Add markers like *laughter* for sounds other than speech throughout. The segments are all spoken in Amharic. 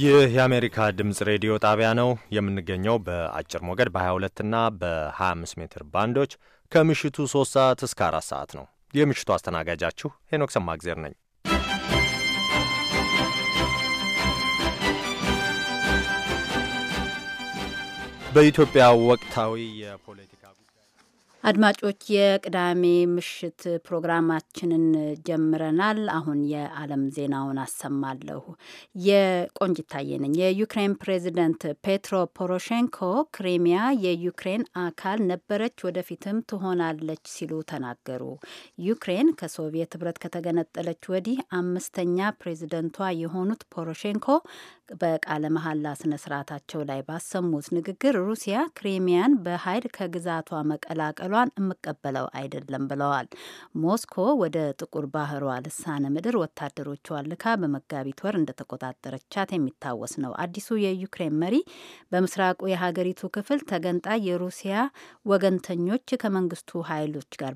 ይህ የአሜሪካ ድምፅ ሬዲዮ ጣቢያ ነው። የምንገኘው በአጭር ሞገድ በ22 እና በ25 ሜትር ባንዶች ከምሽቱ 3 ሰዓት እስከ 4 ሰዓት ነው። የምሽቱ አስተናጋጃችሁ ሄኖክ ሰማግዜር ነኝ። በኢትዮጵያ ወቅታዊ የፖለቲካ አድማጮች የቅዳሜ ምሽት ፕሮግራማችንን ጀምረናል። አሁን የዓለም ዜናውን አሰማለሁ። የቆንጅታዬ ነኝ። የዩክሬን ፕሬዚደንት ፔትሮ ፖሮሼንኮ ክሪሚያ የዩክሬን አካል ነበረች፣ ወደፊትም ትሆናለች ሲሉ ተናገሩ። ዩክሬን ከሶቪየት ሕብረት ከተገነጠለች ወዲህ አምስተኛ ፕሬዚደንቷ የሆኑት ፖሮሼንኮ በቃለ መሐላ ስነ ስርዓታቸው ላይ ባሰሙት ንግግር ሩሲያ ክሬሚያን በኃይል ከግዛቷ መቀላቀሏን የምቀበለው አይደለም ብለዋል። ሞስኮ ወደ ጥቁር ባህሯ ልሳነ ምድር ወታደሮቿን ልካ በመጋቢት ወር እንደተቆጣጠረቻት የሚታወስ ነው። አዲሱ የዩክሬን መሪ በምስራቁ የሀገሪቱ ክፍል ተገንጣይ የሩሲያ ወገንተኞች ከመንግስቱ ኃይሎች ጋር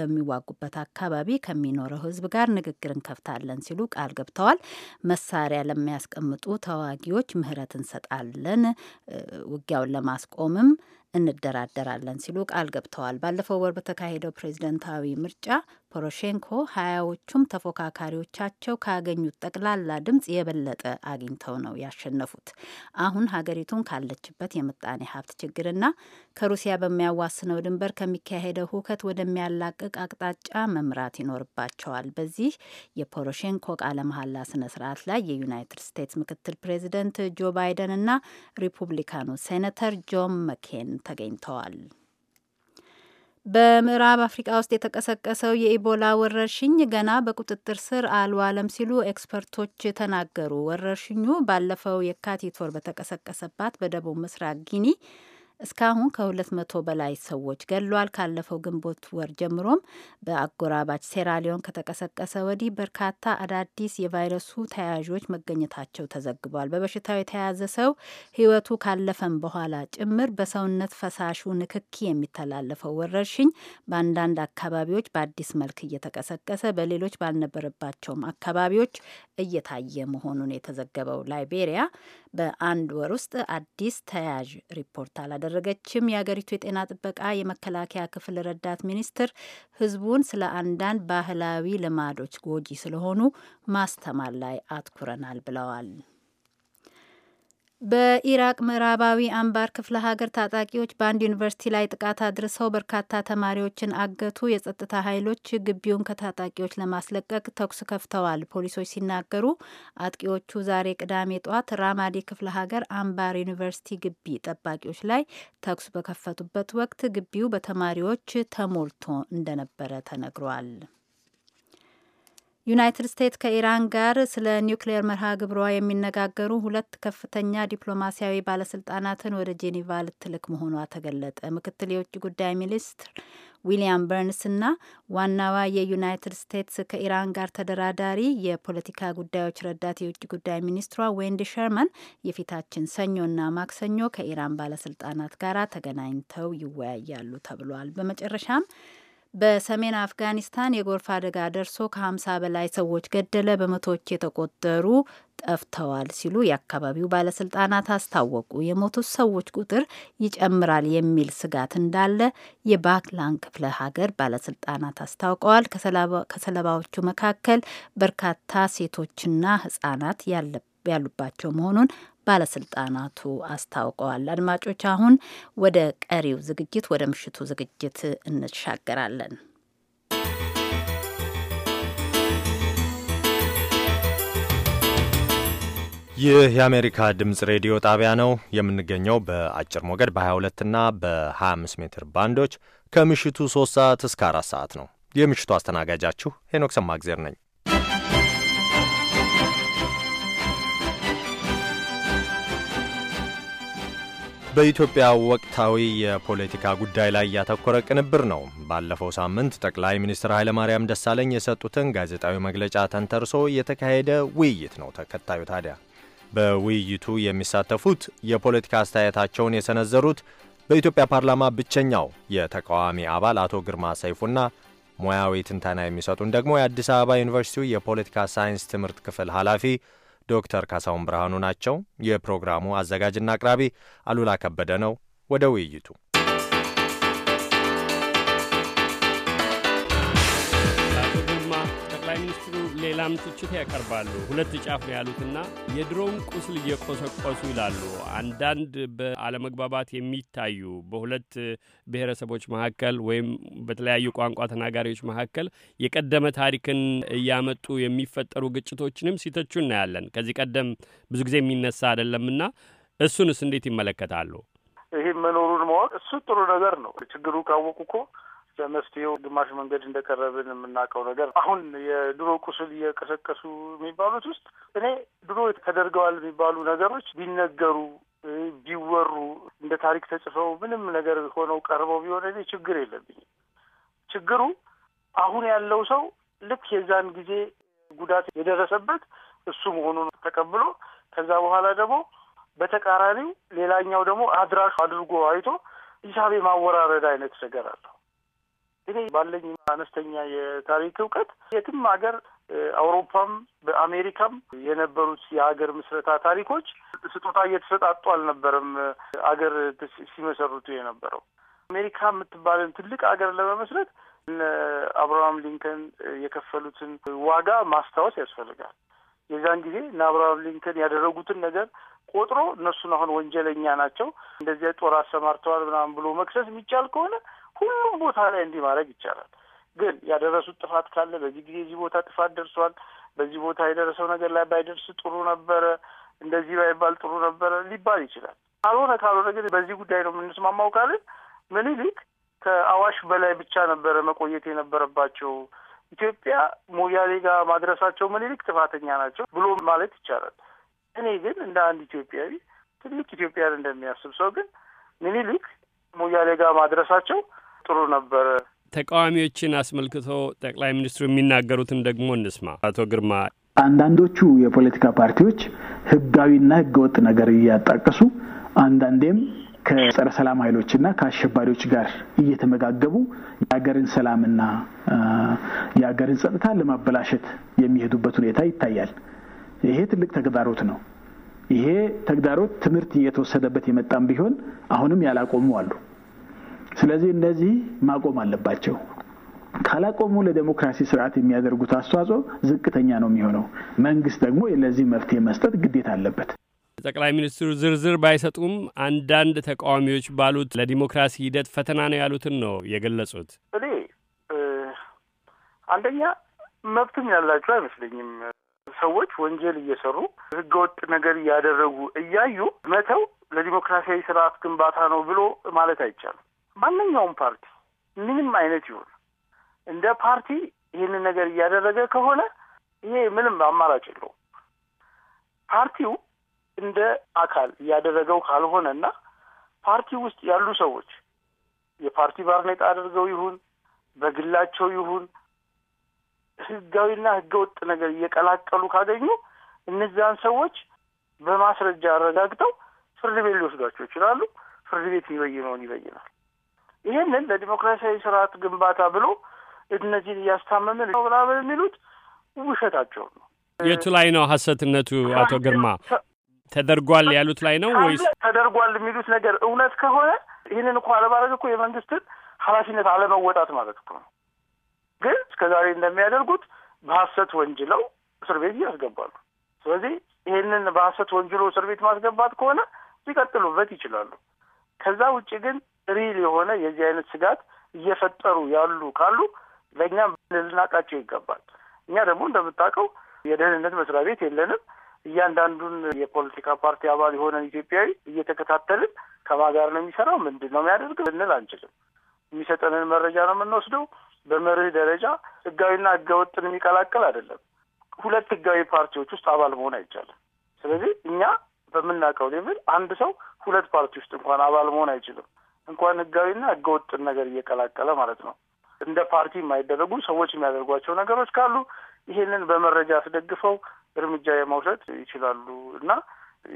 በሚዋጉበት አካባቢ ከሚኖረው ህዝብ ጋር ንግግር እንከፍታለን ሲሉ ቃል ገብተዋል። መሳሪያ ለሚያስቀምጡ ታዋጊዎች ምህረት እንሰጣለን ውጊያውን ለማስቆምም እንደራደራለን ሲሉ ቃል ገብተዋል። ባለፈው ወር በተካሄደው ፕሬዝደንታዊ ምርጫ ፖሮሼንኮ ሀያዎቹም ተፎካካሪዎቻቸው ካገኙት ጠቅላላ ድምፅ የበለጠ አግኝተው ነው ያሸነፉት። አሁን ሀገሪቱን ካለችበት የምጣኔ ሀብት ችግርና ከሩሲያ በሚያዋስነው ድንበር ከሚካሄደው ሁከት ወደሚያላቅቅ አቅጣጫ መምራት ይኖርባቸዋል። በዚህ የፖሮሼንኮ ቃለ መሐላ ስነ ስርዓት ላይ የዩናይትድ ስቴትስ ምክትል ፕሬዚደንት ጆ ባይደን እና ሪፑብሊካኑ ሴኔተር ጆን መኬን ተገኝተዋል። በምዕራብ አፍሪቃ ውስጥ የተቀሰቀሰው የኢቦላ ወረርሽኝ ገና በቁጥጥር ስር አልዋለም ሲሉ ኤክስፐርቶች ተናገሩ። ወረርሽኙ ባለፈው የካቲት ወር በተቀሰቀሰባት በደቡብ ምስራቅ ጊኒ እስካሁን ከ መቶ በላይ ሰዎች ገሏል ካለፈው ግንቦት ወር ጀምሮም በአጎራባች ሴራሊዮን ከተቀሰቀሰ ወዲህ በርካታ አዳዲስ የቫይረሱ ተያያዦች መገኘታቸው ተዘግቧል። በበሽታው የተያዘ ሰው ሕይወቱ ካለፈም በኋላ ጭምር በሰውነት ፈሳሹ ንክኪ የሚተላለፈው ወረርሽኝ በአንዳንድ አካባቢዎች በአዲስ መልክ እየተቀሰቀሰ በሌሎች ባልነበረባቸውም አካባቢዎች እየታየ መሆኑን የተዘገበው ላይቤሪያ በአንድ ወር ውስጥ አዲስ ተያያዥ ሪፖርት አላደረ እንዳደረገችም የሀገሪቱ የጤና ጥበቃ የመከላከያ ክፍል ረዳት ሚኒስትር ህዝቡን ስለ አንዳንድ ባህላዊ ልማዶች ጎጂ ስለሆኑ ማስተማር ላይ አትኩረናል ብለዋል። በኢራቅ ምዕራባዊ አንባር ክፍለ ሀገር ታጣቂዎች በአንድ ዩኒቨርሲቲ ላይ ጥቃት አድርሰው በርካታ ተማሪዎችን አገቱ። የጸጥታ ኃይሎች ግቢውን ከታጣቂዎች ለማስለቀቅ ተኩስ ከፍተዋል። ፖሊሶች ሲናገሩ አጥቂዎቹ ዛሬ ቅዳሜ ጧት ራማዲ ክፍለ ሀገር አንባር ዩኒቨርሲቲ ግቢ ጠባቂዎች ላይ ተኩስ በከፈቱበት ወቅት ግቢው በተማሪዎች ተሞልቶ እንደነበረ ተነግሯል። ዩናይትድ ስቴትስ ከኢራን ጋር ስለ ኒውክሌር መርሃ ግብሯ የሚነጋገሩ ሁለት ከፍተኛ ዲፕሎማሲያዊ ባለስልጣናትን ወደ ጄኔቫ ልትልክ መሆኗ ተገለጠ። ምክትል የውጭ ጉዳይ ሚኒስትር ዊሊያም በርንስ እና ዋናዋ የዩናይትድ ስቴትስ ከኢራን ጋር ተደራዳሪ የፖለቲካ ጉዳዮች ረዳት የውጭ ጉዳይ ሚኒስትሯ ዌንዲ ሸርመን የፊታችን ሰኞና ማክሰኞ ከኢራን ባለስልጣናት ጋር ተገናኝተው ይወያያሉ ተብሏል። በመጨረሻም በሰሜን አፍጋኒስታን የጎርፍ አደጋ ደርሶ ከ50 በላይ ሰዎች ገደለ፣ በመቶዎች የተቆጠሩ ጠፍተዋል ሲሉ የአካባቢው ባለስልጣናት አስታወቁ። የሞቱት ሰዎች ቁጥር ይጨምራል የሚል ስጋት እንዳለ የባክላን ክፍለ ሀገር ባለስልጣናት አስታውቀዋል። ከሰለባዎቹ መካከል በርካታ ሴቶችና ህጻናት ያሉባቸው መሆኑን ባለስልጣናቱ አስታውቀዋል። አድማጮች፣ አሁን ወደ ቀሪው ዝግጅት ወደ ምሽቱ ዝግጅት እንሻገራለን። ይህ የአሜሪካ ድምፅ ሬዲዮ ጣቢያ ነው። የምንገኘው በአጭር ሞገድ በ22 እና በ25 ሜትር ባንዶች ከምሽቱ 3 ሰዓት እስከ 4 ሰዓት ነው። የምሽቱ አስተናጋጃችሁ ሄኖክ ሰማግዜር ነኝ። በኢትዮጵያ ወቅታዊ የፖለቲካ ጉዳይ ላይ ያተኮረ ቅንብር ነው። ባለፈው ሳምንት ጠቅላይ ሚኒስትር ኃይለማርያም ደሳለኝ የሰጡትን ጋዜጣዊ መግለጫ ተንተርሶ የተካሄደ ውይይት ነው ተከታዩ። ታዲያ በውይይቱ የሚሳተፉት የፖለቲካ አስተያየታቸውን የሰነዘሩት በኢትዮጵያ ፓርላማ ብቸኛው የተቃዋሚ አባል አቶ ግርማ ሰይፉና ሙያዊ ትንተና የሚሰጡን ደግሞ የአዲስ አበባ ዩኒቨርሲቲው የፖለቲካ ሳይንስ ትምህርት ክፍል ኃላፊ ዶክተር ካሳሁን ብርሃኑ ናቸው። የፕሮግራሙ አዘጋጅና አቅራቢ አሉላ ከበደ ነው። ወደ ውይይቱ ሚኒስትሩ ሌላም ትችት ያቀርባሉ። ሁለት ጫፍ ነው ያሉትና የድሮውን ቁስል እየቆሰቆሱ ይላሉ። አንዳንድ በአለመግባባት የሚታዩ በሁለት ብሔረሰቦች መካከል ወይም በተለያዩ ቋንቋ ተናጋሪዎች መካከል የቀደመ ታሪክን እያመጡ የሚፈጠሩ ግጭቶችንም ሲተቹ እናያለን። ከዚህ ቀደም ብዙ ጊዜ የሚነሳ አይደለምና እሱንስ እንዴት ይመለከታሉ? ይህም መኖሩን ማወቅ እሱ ጥሩ ነገር ነው። ችግሩ ካወቁ እኮ ለመፍትሄው ግማሽ መንገድ እንደቀረብን የምናውቀው ነገር አሁን የድሮ ቁስል እየቀሰቀሱ የሚባሉት ውስጥ እኔ ድሮ ተደርገዋል የሚባሉ ነገሮች ቢነገሩ ቢወሩ እንደ ታሪክ ተጽፈው ምንም ነገር ሆነው ቀርበው ቢሆን እኔ ችግር የለብኝም። ችግሩ አሁን ያለው ሰው ልክ የዛን ጊዜ ጉዳት የደረሰበት እሱ መሆኑን ተቀብሎ ከዛ በኋላ ደግሞ በተቃራኒው ሌላኛው ደግሞ አድራሹ አድርጎ አይቶ ሂሳብ የማወራረድ አይነት ነገር አለው። እኔ ባለኝ አነስተኛ የታሪክ እውቀት የትም ሀገር አውሮፓም በአሜሪካም የነበሩት የሀገር ምስረታ ታሪኮች ስጦታ እየተሰጣጡ አልነበረም። አገር ሲመሰርቱ የነበረው አሜሪካ የምትባለን ትልቅ ሀገር ለመመስረት እነ አብርሃም ሊንከን የከፈሉትን ዋጋ ማስታወስ ያስፈልጋል። የዛን ጊዜ እነ አብርሃም ሊንከን ያደረጉትን ነገር ቆጥሮ እነሱን አሁን ወንጀለኛ ናቸው እንደዚያ ጦር አሰማርተዋል ምናምን ብሎ መክሰስ የሚቻል ከሆነ ሁሉም ቦታ ላይ እንዲህ ማድረግ ይቻላል። ግን ያደረሱት ጥፋት ካለ በዚህ ጊዜ እዚህ ቦታ ጥፋት ደርሷል፣ በዚህ ቦታ የደረሰው ነገር ላይ ባይደርስ ጥሩ ነበረ፣ እንደዚህ ባይባል ጥሩ ነበረ ሊባል ይችላል። ካልሆነ ካልሆነ ግን በዚህ ጉዳይ ነው የምንስማማው ካልን ምኒልክ ከአዋሽ በላይ ብቻ ነበረ መቆየት የነበረባቸው ኢትዮጵያ ሞያሌ ጋር ማድረሳቸው ምኒልክ ጥፋተኛ ናቸው ብሎ ማለት ይቻላል። እኔ ግን እንደ አንድ ኢትዮጵያዊ ትልቅ ኢትዮጵያን እንደሚያስብ ሰው ግን ምኒልክ ሞያሌ ጋር ማድረሳቸው ጥሩ ነበረ። ተቃዋሚዎችን አስመልክቶ ጠቅላይ ሚኒስትሩ የሚናገሩትን ደግሞ እንስማ። አቶ ግርማ አንዳንዶቹ የፖለቲካ ፓርቲዎች ህጋዊና ህገወጥ ነገር እያጣቀሱ አንዳንዴም ከጸረ ሰላም ኃይሎችና ከአሸባሪዎች ጋር እየተመጋገቡ የሀገርን ሰላምና የሀገርን ጸጥታ ለማበላሸት የሚሄዱበት ሁኔታ ይታያል። ይሄ ትልቅ ተግዳሮት ነው። ይሄ ተግዳሮት ትምህርት እየተወሰደበት የመጣም ቢሆን አሁንም ያላቆሙ አሉ። ስለዚህ እነዚህ ማቆም አለባቸው። ካላቆሙ ለዴሞክራሲ ስርዓት የሚያደርጉት አስተዋጽኦ ዝቅተኛ ነው የሚሆነው። መንግስት ደግሞ ለዚህ መፍትሄ መስጠት ግዴታ አለበት። ጠቅላይ ሚኒስትሩ ዝርዝር ባይሰጡም አንዳንድ ተቃዋሚዎች ባሉት ለዲሞክራሲ ሂደት ፈተና ነው ያሉትን ነው የገለጹት። እኔ አንደኛ መብትም ያላቸው አይመስለኝም። ሰዎች ወንጀል እየሰሩ ህገወጥ ነገር እያደረጉ እያዩ መተው ለዲሞክራሲያዊ ስርዓት ግንባታ ነው ብሎ ማለት አይቻልም። ማንኛውም ፓርቲ ምንም አይነት ይሁን እንደ ፓርቲ ይህንን ነገር እያደረገ ከሆነ ይሄ ምንም አማራጭ የለው። ፓርቲው እንደ አካል እያደረገው ካልሆነ እና ፓርቲ ውስጥ ያሉ ሰዎች የፓርቲ ባርኔጣ አድርገው ይሁን በግላቸው ይሁን ህጋዊና ህገወጥ ነገር እየቀላቀሉ ካገኙ እነዚያን ሰዎች በማስረጃ አረጋግጠው ፍርድ ቤት ሊወስዷቸው ይችላሉ። ፍርድ ቤት የሚበይነውን ይበይናል። ይህንን ለዲሞክራሲያዊ ስርዓት ግንባታ ብሎ እነዚህን እያስታመመ ብላ የሚሉት ውሸታቸው ነው። የቱ ላይ ነው ሀሰትነቱ? አቶ ግርማ ተደርጓል ያሉት ላይ ነው ወይስ ተደርጓል የሚሉት ነገር እውነት ከሆነ ይህንን እኮ አለማድረግ እኮ የመንግስትን ኃላፊነት አለመወጣት ማለት እኮ ነው። ግን እስከዛሬ እንደሚያደርጉት በሀሰት ወንጅለው እስር ቤት ያስገባሉ። ስለዚህ ይህንን በሀሰት ወንጅሎ እስር ቤት ማስገባት ከሆነ ሊቀጥሉበት ይችላሉ። ከዛ ውጭ ግን ሪል የሆነ የዚህ አይነት ስጋት እየፈጠሩ ያሉ ካሉ ለእኛም ልናቃቸው ይገባል። እኛ ደግሞ እንደምታውቀው የደህንነት መስሪያ ቤት የለንም። እያንዳንዱን የፖለቲካ ፓርቲ አባል የሆነን ኢትዮጵያዊ እየተከታተልን ከማን ጋር ነው የሚሰራው፣ ምንድን ነው የሚያደርግ ልንል አንችልም። የሚሰጠንን መረጃ ነው የምንወስደው። በመርህ ደረጃ ህጋዊና ህገወጥን የሚቀላቅል አይደለም። ሁለት ህጋዊ ፓርቲዎች ውስጥ አባል መሆን አይቻልም። ስለዚህ እኛ በምናውቀው ሌቭል አንድ ሰው ሁለት ፓርቲ ውስጥ እንኳን አባል መሆን አይችልም። እንኳን ህጋዊና ህገወጥን ነገር እየቀላቀለ ማለት ነው። እንደ ፓርቲ የማይደረጉ ሰዎች የሚያደርጓቸው ነገሮች ካሉ ይሄንን በመረጃ አስደግፈው እርምጃ የመውሰድ ይችላሉ እና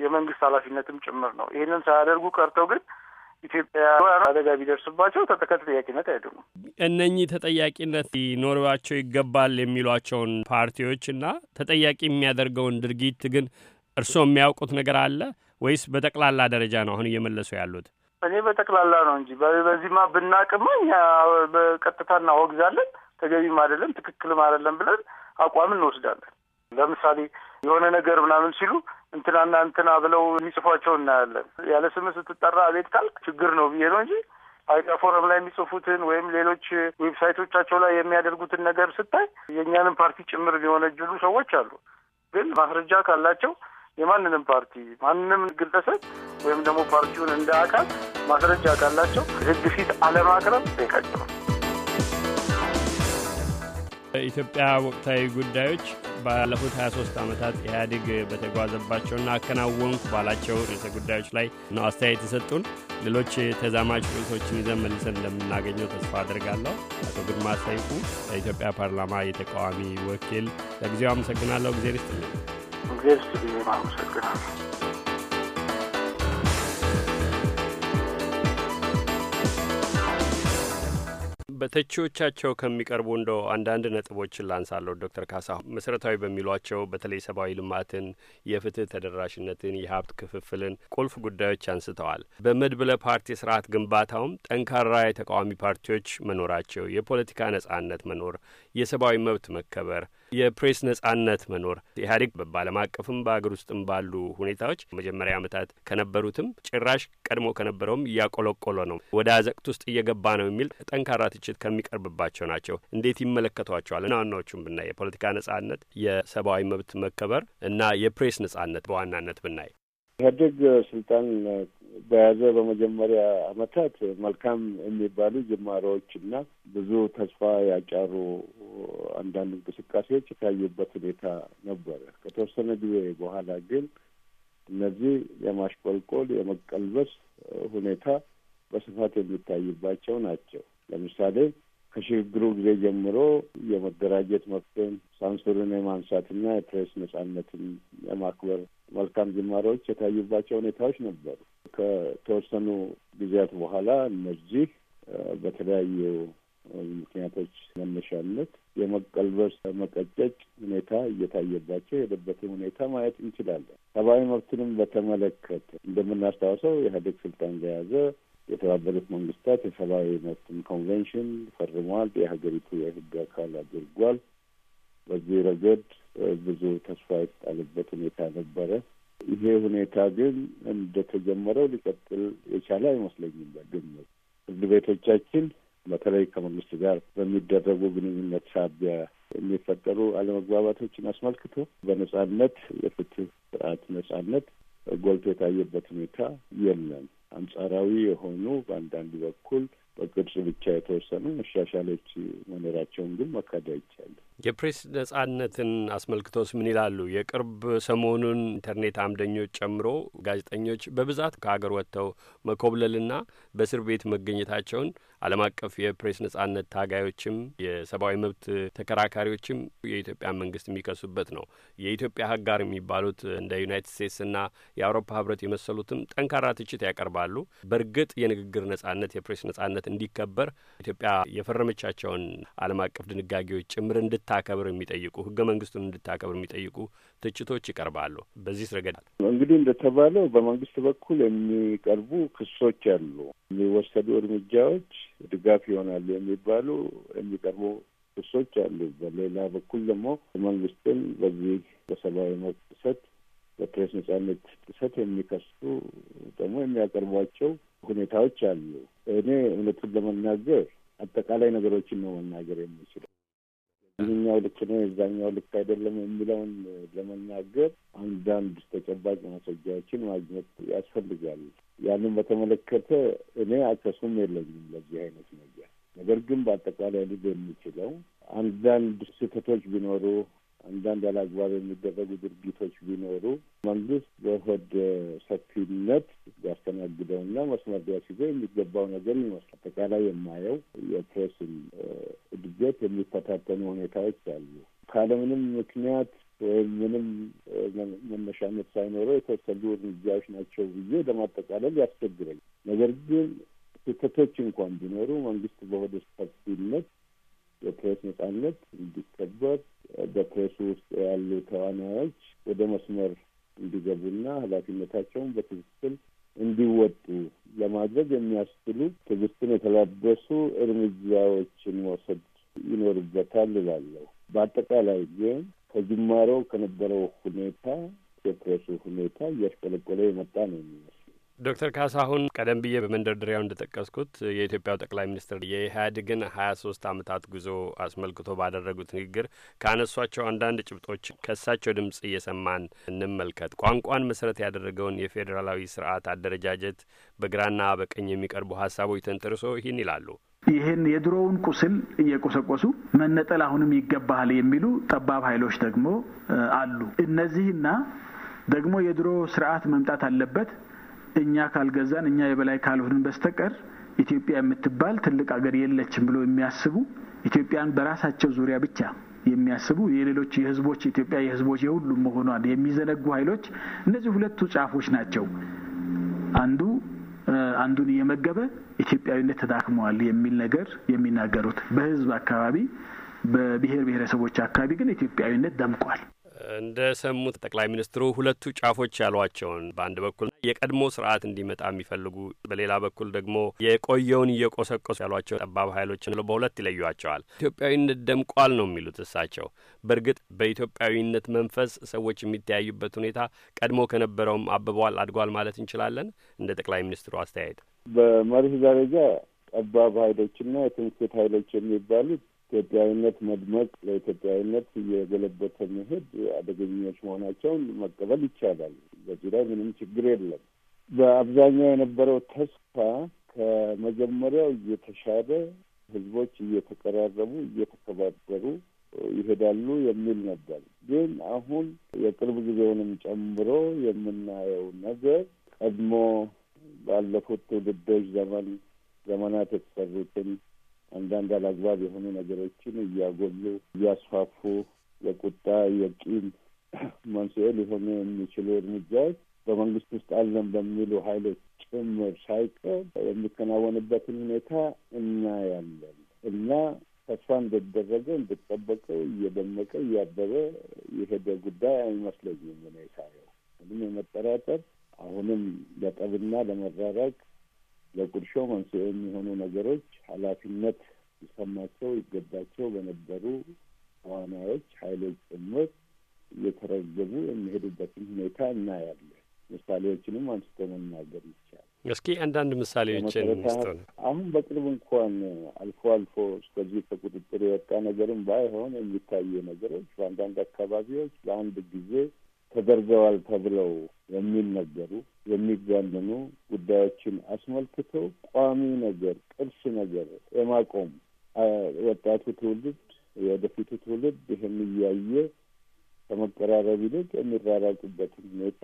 የመንግስት ኃላፊነትም ጭምር ነው። ይህንን ሳያደርጉ ቀርተው ግን ኢትዮጵያ አደጋ ቢደርስባቸው ተጠያቂነት አይደሉም። እነኚህ ተጠያቂነት ሊኖራቸው ይገባል የሚሏቸውን ፓርቲዎች እና ተጠያቂ የሚያደርገውን ድርጊት ግን እርስዎ የሚያውቁት ነገር አለ ወይስ በጠቅላላ ደረጃ ነው አሁን እየመለሱ ያሉት? እኔ በጠቅላላ ነው እንጂ በዚህማ ብናቅማ እኛ በቀጥታ እናወግዛለን። ተገቢም አይደለም ትክክልም አይደለም ብለን አቋም እንወስዳለን። ለምሳሌ የሆነ ነገር ምናምን ሲሉ እንትናና እንትና ብለው የሚጽፏቸው እናያለን። ያለ ስም ስትጠራ ቤት ካልክ ችግር ነው ብዬ ነው እንጂ አይዳ ፎረም ላይ የሚጽፉትን ወይም ሌሎች ዌብሳይቶቻቸው ላይ የሚያደርጉትን ነገር ስታይ የእኛንም ፓርቲ ጭምር ሊሆነጅሉ ሰዎች አሉ። ግን ማስረጃ ካላቸው የማንንም ፓርቲ ማንንም ግለሰብ ወይም ደግሞ ፓርቲውን እንደ አካል ማስረጃ ካላቸው ህግ ፊት አለማቅረብ ንቀጭ ነው። በኢትዮጵያ ወቅታዊ ጉዳዮች ባለፉት 23 ዓመታት ኢህአዴግ በተጓዘባቸውና አከናወንኩ ባላቸው ርዕሰ ጉዳዮች ላይ ነው አስተያየት የሰጡን። ሌሎች ተዛማጭ ርዕሶችን ይዘን መልሰን እንደምናገኘው ተስፋ አድርጋለሁ። አቶ ግርማ ሰይፉ በኢትዮጵያ ፓርላማ የተቃዋሚ ወኪል፣ ለጊዜው አመሰግናለሁ። እግዜር ይስጥልኝ። እግዜር ይስጥልኝ። አመሰግናለሁ። በተቺዎቻቸው ከሚቀርቡ እንደ አንዳንድ ነጥቦችን ላንሳለሁ። ዶክተር ካሳ መሰረታዊ በሚሏቸው በተለይ ሰብአዊ ልማትን፣ የፍትህ ተደራሽነትን፣ የሀብት ክፍፍልን ቁልፍ ጉዳዮች አንስተዋል። በመድብለ ፓርቲ ስርዓት ግንባታውም ጠንካራ የተቃዋሚ ፓርቲዎች መኖራቸው፣ የፖለቲካ ነጻነት መኖር፣ የሰብአዊ መብት መከበር የፕሬስ ነጻነት መኖር ኢህአዴግ በዓለም አቀፍም በአገር ውስጥም ባሉ ሁኔታዎች መጀመሪያ ዓመታት ከነበሩትም ጭራሽ ቀድሞ ከነበረውም እያቆለቆለ ነው፣ ወደ አዘቅት ውስጥ እየገባ ነው የሚል ጠንካራ ትችት ከሚቀርብባቸው ናቸው። እንዴት ይመለከቷቸዋል? እና ዋናዎቹም ብናይ የፖለቲካ ነጻነት፣ የሰብአዊ መብት መከበር እና የፕሬስ ነጻነት በዋናነት ብናይ ኢህአዴግ ስልጣን በያዘ በመጀመሪያ አመታት መልካም የሚባሉ ጅማሮዎች እና ብዙ ተስፋ ያጫሩ አንዳንድ እንቅስቃሴዎች የታዩበት ሁኔታ ነበረ። ከተወሰነ ጊዜ በኋላ ግን እነዚህ የማሽቆልቆል የመቀልበስ ሁኔታ በስፋት የሚታይባቸው ናቸው። ለምሳሌ ከሽግግሩ ጊዜ ጀምሮ የመደራጀት መብትን፣ ሳንሱርን የማንሳትና የፕሬስ ነጻነትን የማክበር መልካም ጅማሬዎች የታዩባቸው ሁኔታዎች ነበሩ። ከተወሰኑ ጊዜያት በኋላ እነዚህ በተለያዩ ምክንያቶች መነሻነት የመቀልበስ መቀጨጭ ሁኔታ እየታየባቸው የሄደበትን ሁኔታ ማየት እንችላለን። ሰብአዊ መብትንም በተመለከተ እንደምናስታውሰው ኢህአዴግ ስልጣን በያዘ የተባበሩት መንግስታት የሰብአዊ መብትን ኮንቬንሽን ፈርሟል፣ የሀገሪቱ የህግ አካል አድርጓል። በዚህ ረገድ ብዙ ተስፋ የተጣለበት ሁኔታ ነበረ። ይሄ ሁኔታ ግን እንደተጀመረው ሊቀጥል የቻለ አይመስለኝም። በግምት ፍርድ ቤቶቻችን በተለይ ከመንግስት ጋር በሚደረጉ ግንኙነት ሳቢያ የሚፈጠሩ አለመግባባቶችን አስመልክቶ በነጻነት የፍትህ ስርዓት ነጻነት ጎልቶ የታየበት ሁኔታ የለም። አንጻራዊ የሆኑ በአንዳንድ በኩል በቅርጽ ብቻ የተወሰኑ መሻሻሎች መኖራቸውን ግን መካድ አይቻልም። የፕሬስ ነጻነትን አስመልክቶስ ምን ይላሉ? የቅርብ ሰሞኑን ኢንተርኔት አምደኞች ጨምሮ ጋዜጠኞች በብዛት ከሀገር ወጥተው መኮብለልና በእስር ቤት መገኘታቸውን ዓለም አቀፍ የፕሬስ ነጻነት ታጋዮችም የሰብአዊ መብት ተከራካሪዎችም የኢትዮጵያ መንግስት የሚከሱበት ነው። የኢትዮጵያ ህጋር የሚባሉት እንደ ዩናይትድ ስቴትስና የአውሮፓ ህብረት የመሰሉትም ጠንካራ ትችት ያቀርባሉ። በእርግጥ የንግግር ነጻነት የፕሬስ ነጻነት እንዲከበር ኢትዮጵያ የፈረመቻቸውን ዓለም አቀፍ ድንጋጌዎች ጭምር እንድ እንድታከብር የሚጠይቁ ህገ መንግስቱን እንድታከብር የሚጠይቁ ትችቶች ይቀርባሉ። በዚህ ረገድ እንግዲህ እንደተባለው በመንግስት በኩል የሚቀርቡ ክሶች አሉ። የሚወሰዱ እርምጃዎች ድጋፍ ይሆናሉ የሚባሉ የሚቀርቡ ክሶች አሉ። በሌላ በኩል ደግሞ መንግስትን በዚህ በሰብአዊ መብት ጥሰት በፕሬስ ነጻነት ጥሰት የሚከሱ ደግሞ የሚያቀርቧቸው ሁኔታዎች አሉ። እኔ እውነቱን ለመናገር አጠቃላይ ነገሮችን ነው መናገር የሚችለው። ይህኛው ልክ ነው የዛኛው ልክ አይደለም የሚለውን ለመናገር አንዳንድ ተጨባጭ ማስረጃዎችን ማግኘት ያስፈልጋል። ያንን በተመለከተ እኔ አክሰሱም የለኝም ለዚህ አይነት ነገር። ነገር ግን በአጠቃላይ ልብ የሚችለው አንዳንድ ስህተቶች ቢኖሩ አንዳንድ አላግባብ የሚደረጉ ድርጊቶች ቢኖሩ መንግስት በሆድ ሰፊነት ሊያስተናግደውና መስመር ሊያስይዘው የሚገባው ነገር ይመስላል። አጠቃላይ የማየው የፕሬስን እድገት የሚፈታተኑ ሁኔታዎች አሉ። ካለምንም ምክንያት ወይም ምንም መነሻነት ሳይኖረው የተወሰዱ እርምጃዎች ናቸው ብዬ ለማጠቃለል ያስቸግረኝ። ነገር ግን ስህተቶች እንኳን ቢኖሩ መንግስት በሆደ ሰፊነት የፕሬስ ነጻነት እንዲከበር በፕሬሱ ውስጥ ያሉ ተዋናዮች ወደ መስመር እንዲገቡና ኃላፊነታቸውን በትክክል እንዲወጡ ለማድረግ የሚያስችሉ ትዕግስትን የተላበሱ እርምጃዎችን መውሰድ ይኖርበታል እላለሁ። በአጠቃላይ ግን ከጅማሮ ከነበረው ሁኔታ የፕሬሱ ሁኔታ እያሽቆለቆለ የመጣ ነው የሚመስለው። ዶክተር ካሳሁን ቀደም ብዬ በመንደርደሪያው እንደጠቀስኩት የኢትዮጵያው ጠቅላይ ሚኒስትር የኢህአዴግን ሀያ ሶስት አመታት ጉዞ አስመልክቶ ባደረጉት ንግግር ካነሷቸው አንዳንድ ጭብጦች ከሳቸው ድምጽ እየሰማን እንመልከት። ቋንቋን መሰረት ያደረገውን የፌዴራላዊ ስርዓት አደረጃጀት በግራና በቀኝ የሚቀርቡ ሀሳቦች ተንተርሶ ይህን ይላሉ። ይህን የድሮውን ቁስል እየቆሰቆሱ መነጠል አሁንም ይገባሃል የሚሉ ጠባብ ኃይሎች ደግሞ አሉ። እነዚህና ደግሞ የድሮ ስርዓት መምጣት አለበት እኛ ካልገዛን እኛ የበላይ ካልሆንን በስተቀር ኢትዮጵያ የምትባል ትልቅ አገር የለችም ብሎ የሚያስቡ ኢትዮጵያን በራሳቸው ዙሪያ ብቻ የሚያስቡ የሌሎች የህዝቦች ኢትዮጵያ የህዝቦች የሁሉም መሆኗን የሚዘነጉ ኃይሎች እነዚህ ሁለቱ ጫፎች ናቸው። አንዱ አንዱን እየመገበ ኢትዮጵያዊነት ተዳክመዋል የሚል ነገር የሚናገሩት በህዝብ አካባቢ፣ በብሔር ብሔረሰቦች አካባቢ ግን ኢትዮጵያዊነት ደምቋል። እንደ ሰሙት ጠቅላይ ሚኒስትሩ ሁለቱ ጫፎች ያሏቸውን በአንድ በኩል የቀድሞ ስርዓት እንዲመጣ የሚፈልጉ በሌላ በኩል ደግሞ የቆየውን እየቆሰቆሱ ያሏቸው ጠባብ ኃይሎችን በሁለት ይለዩቸዋል። ኢትዮጵያዊነት ደምቋል ነው የሚሉት እሳቸው። በእርግጥ በኢትዮጵያዊነት መንፈስ ሰዎች የሚተያዩበት ሁኔታ ቀድሞ ከነበረውም አብበዋል፣ አድጓል ማለት እንችላለን። እንደ ጠቅላይ ሚኒስትሩ አስተያየት በመርህ ደረጃ ጠባብ ኃይሎችና የትምክህት ኃይሎች የሚባሉት ኢትዮጵያዊነት መድመቅ ለኢትዮጵያዊነት እየገለበተ መሄድ አደገኞች መሆናቸውን መቀበል ይቻላል። በዚህ ላይ ምንም ችግር የለም። በአብዛኛው የነበረው ተስፋ ከመጀመሪያው እየተሻለ ህዝቦች እየተቀራረቡ እየተከባበሩ ይሄዳሉ የሚል ነበር። ግን አሁን የቅርብ ጊዜውንም ጨምሮ የምናየው ነገር ቀድሞ ባለፉት ትውልዶች ዘመን ዘመናት የተሰሩትን አንዳንድ አላግባብ የሆኑ ነገሮችን እያጎሉ እያስፋፉ የቁጣ የቂም *clears throat* መንስኤ ሊሆኑ የሚችሉ እርምጃዎች በመንግስት ውስጥ አለን በሚሉ ኃይሎች ጭምር ሳይቀር የሚከናወንበትን ሁኔታ እናያለን እና ተስፋ እንደተደረገ እንደተጠበቀው እየደመቀ እያበበ የሄደ ጉዳይ አይመስለኝም። እኔ ሳየው ምንም የመጠራጠር አሁንም ለጠብና ለመራራቅ ለቁርሾ መንስኤ የሚሆኑ ነገሮች ኃላፊነት ሊሰማቸው ይገባቸው በነበሩ ተዋናዮች ኃይሎች ጭምር እየተረገቡ የሚሄዱበትን ሁኔታ እናያለን። ምሳሌዎችንም አንስቶ መናገር ይቻላል። እስኪ አንዳንድ ምሳሌዎችን አሁን በቅርብ እንኳን አልፎ አልፎ እስከዚህ ከቁጥጥር የወጣ ነገርም ባይሆን የሚታዩ ነገሮች በአንዳንድ አካባቢዎች በአንድ ጊዜ ተደርገዋል ተብለው የሚነገሩ የሚጋንኑ ጉዳዮችን አስመልክቶ ቋሚ ነገር ቅርስ ነገር የማቆም ወጣቱ ትውልድ የወደፊቱ ትውልድ ይህን እያየ ከመቀራረብ ይልቅ የሚራራቁበትን ሁኔታ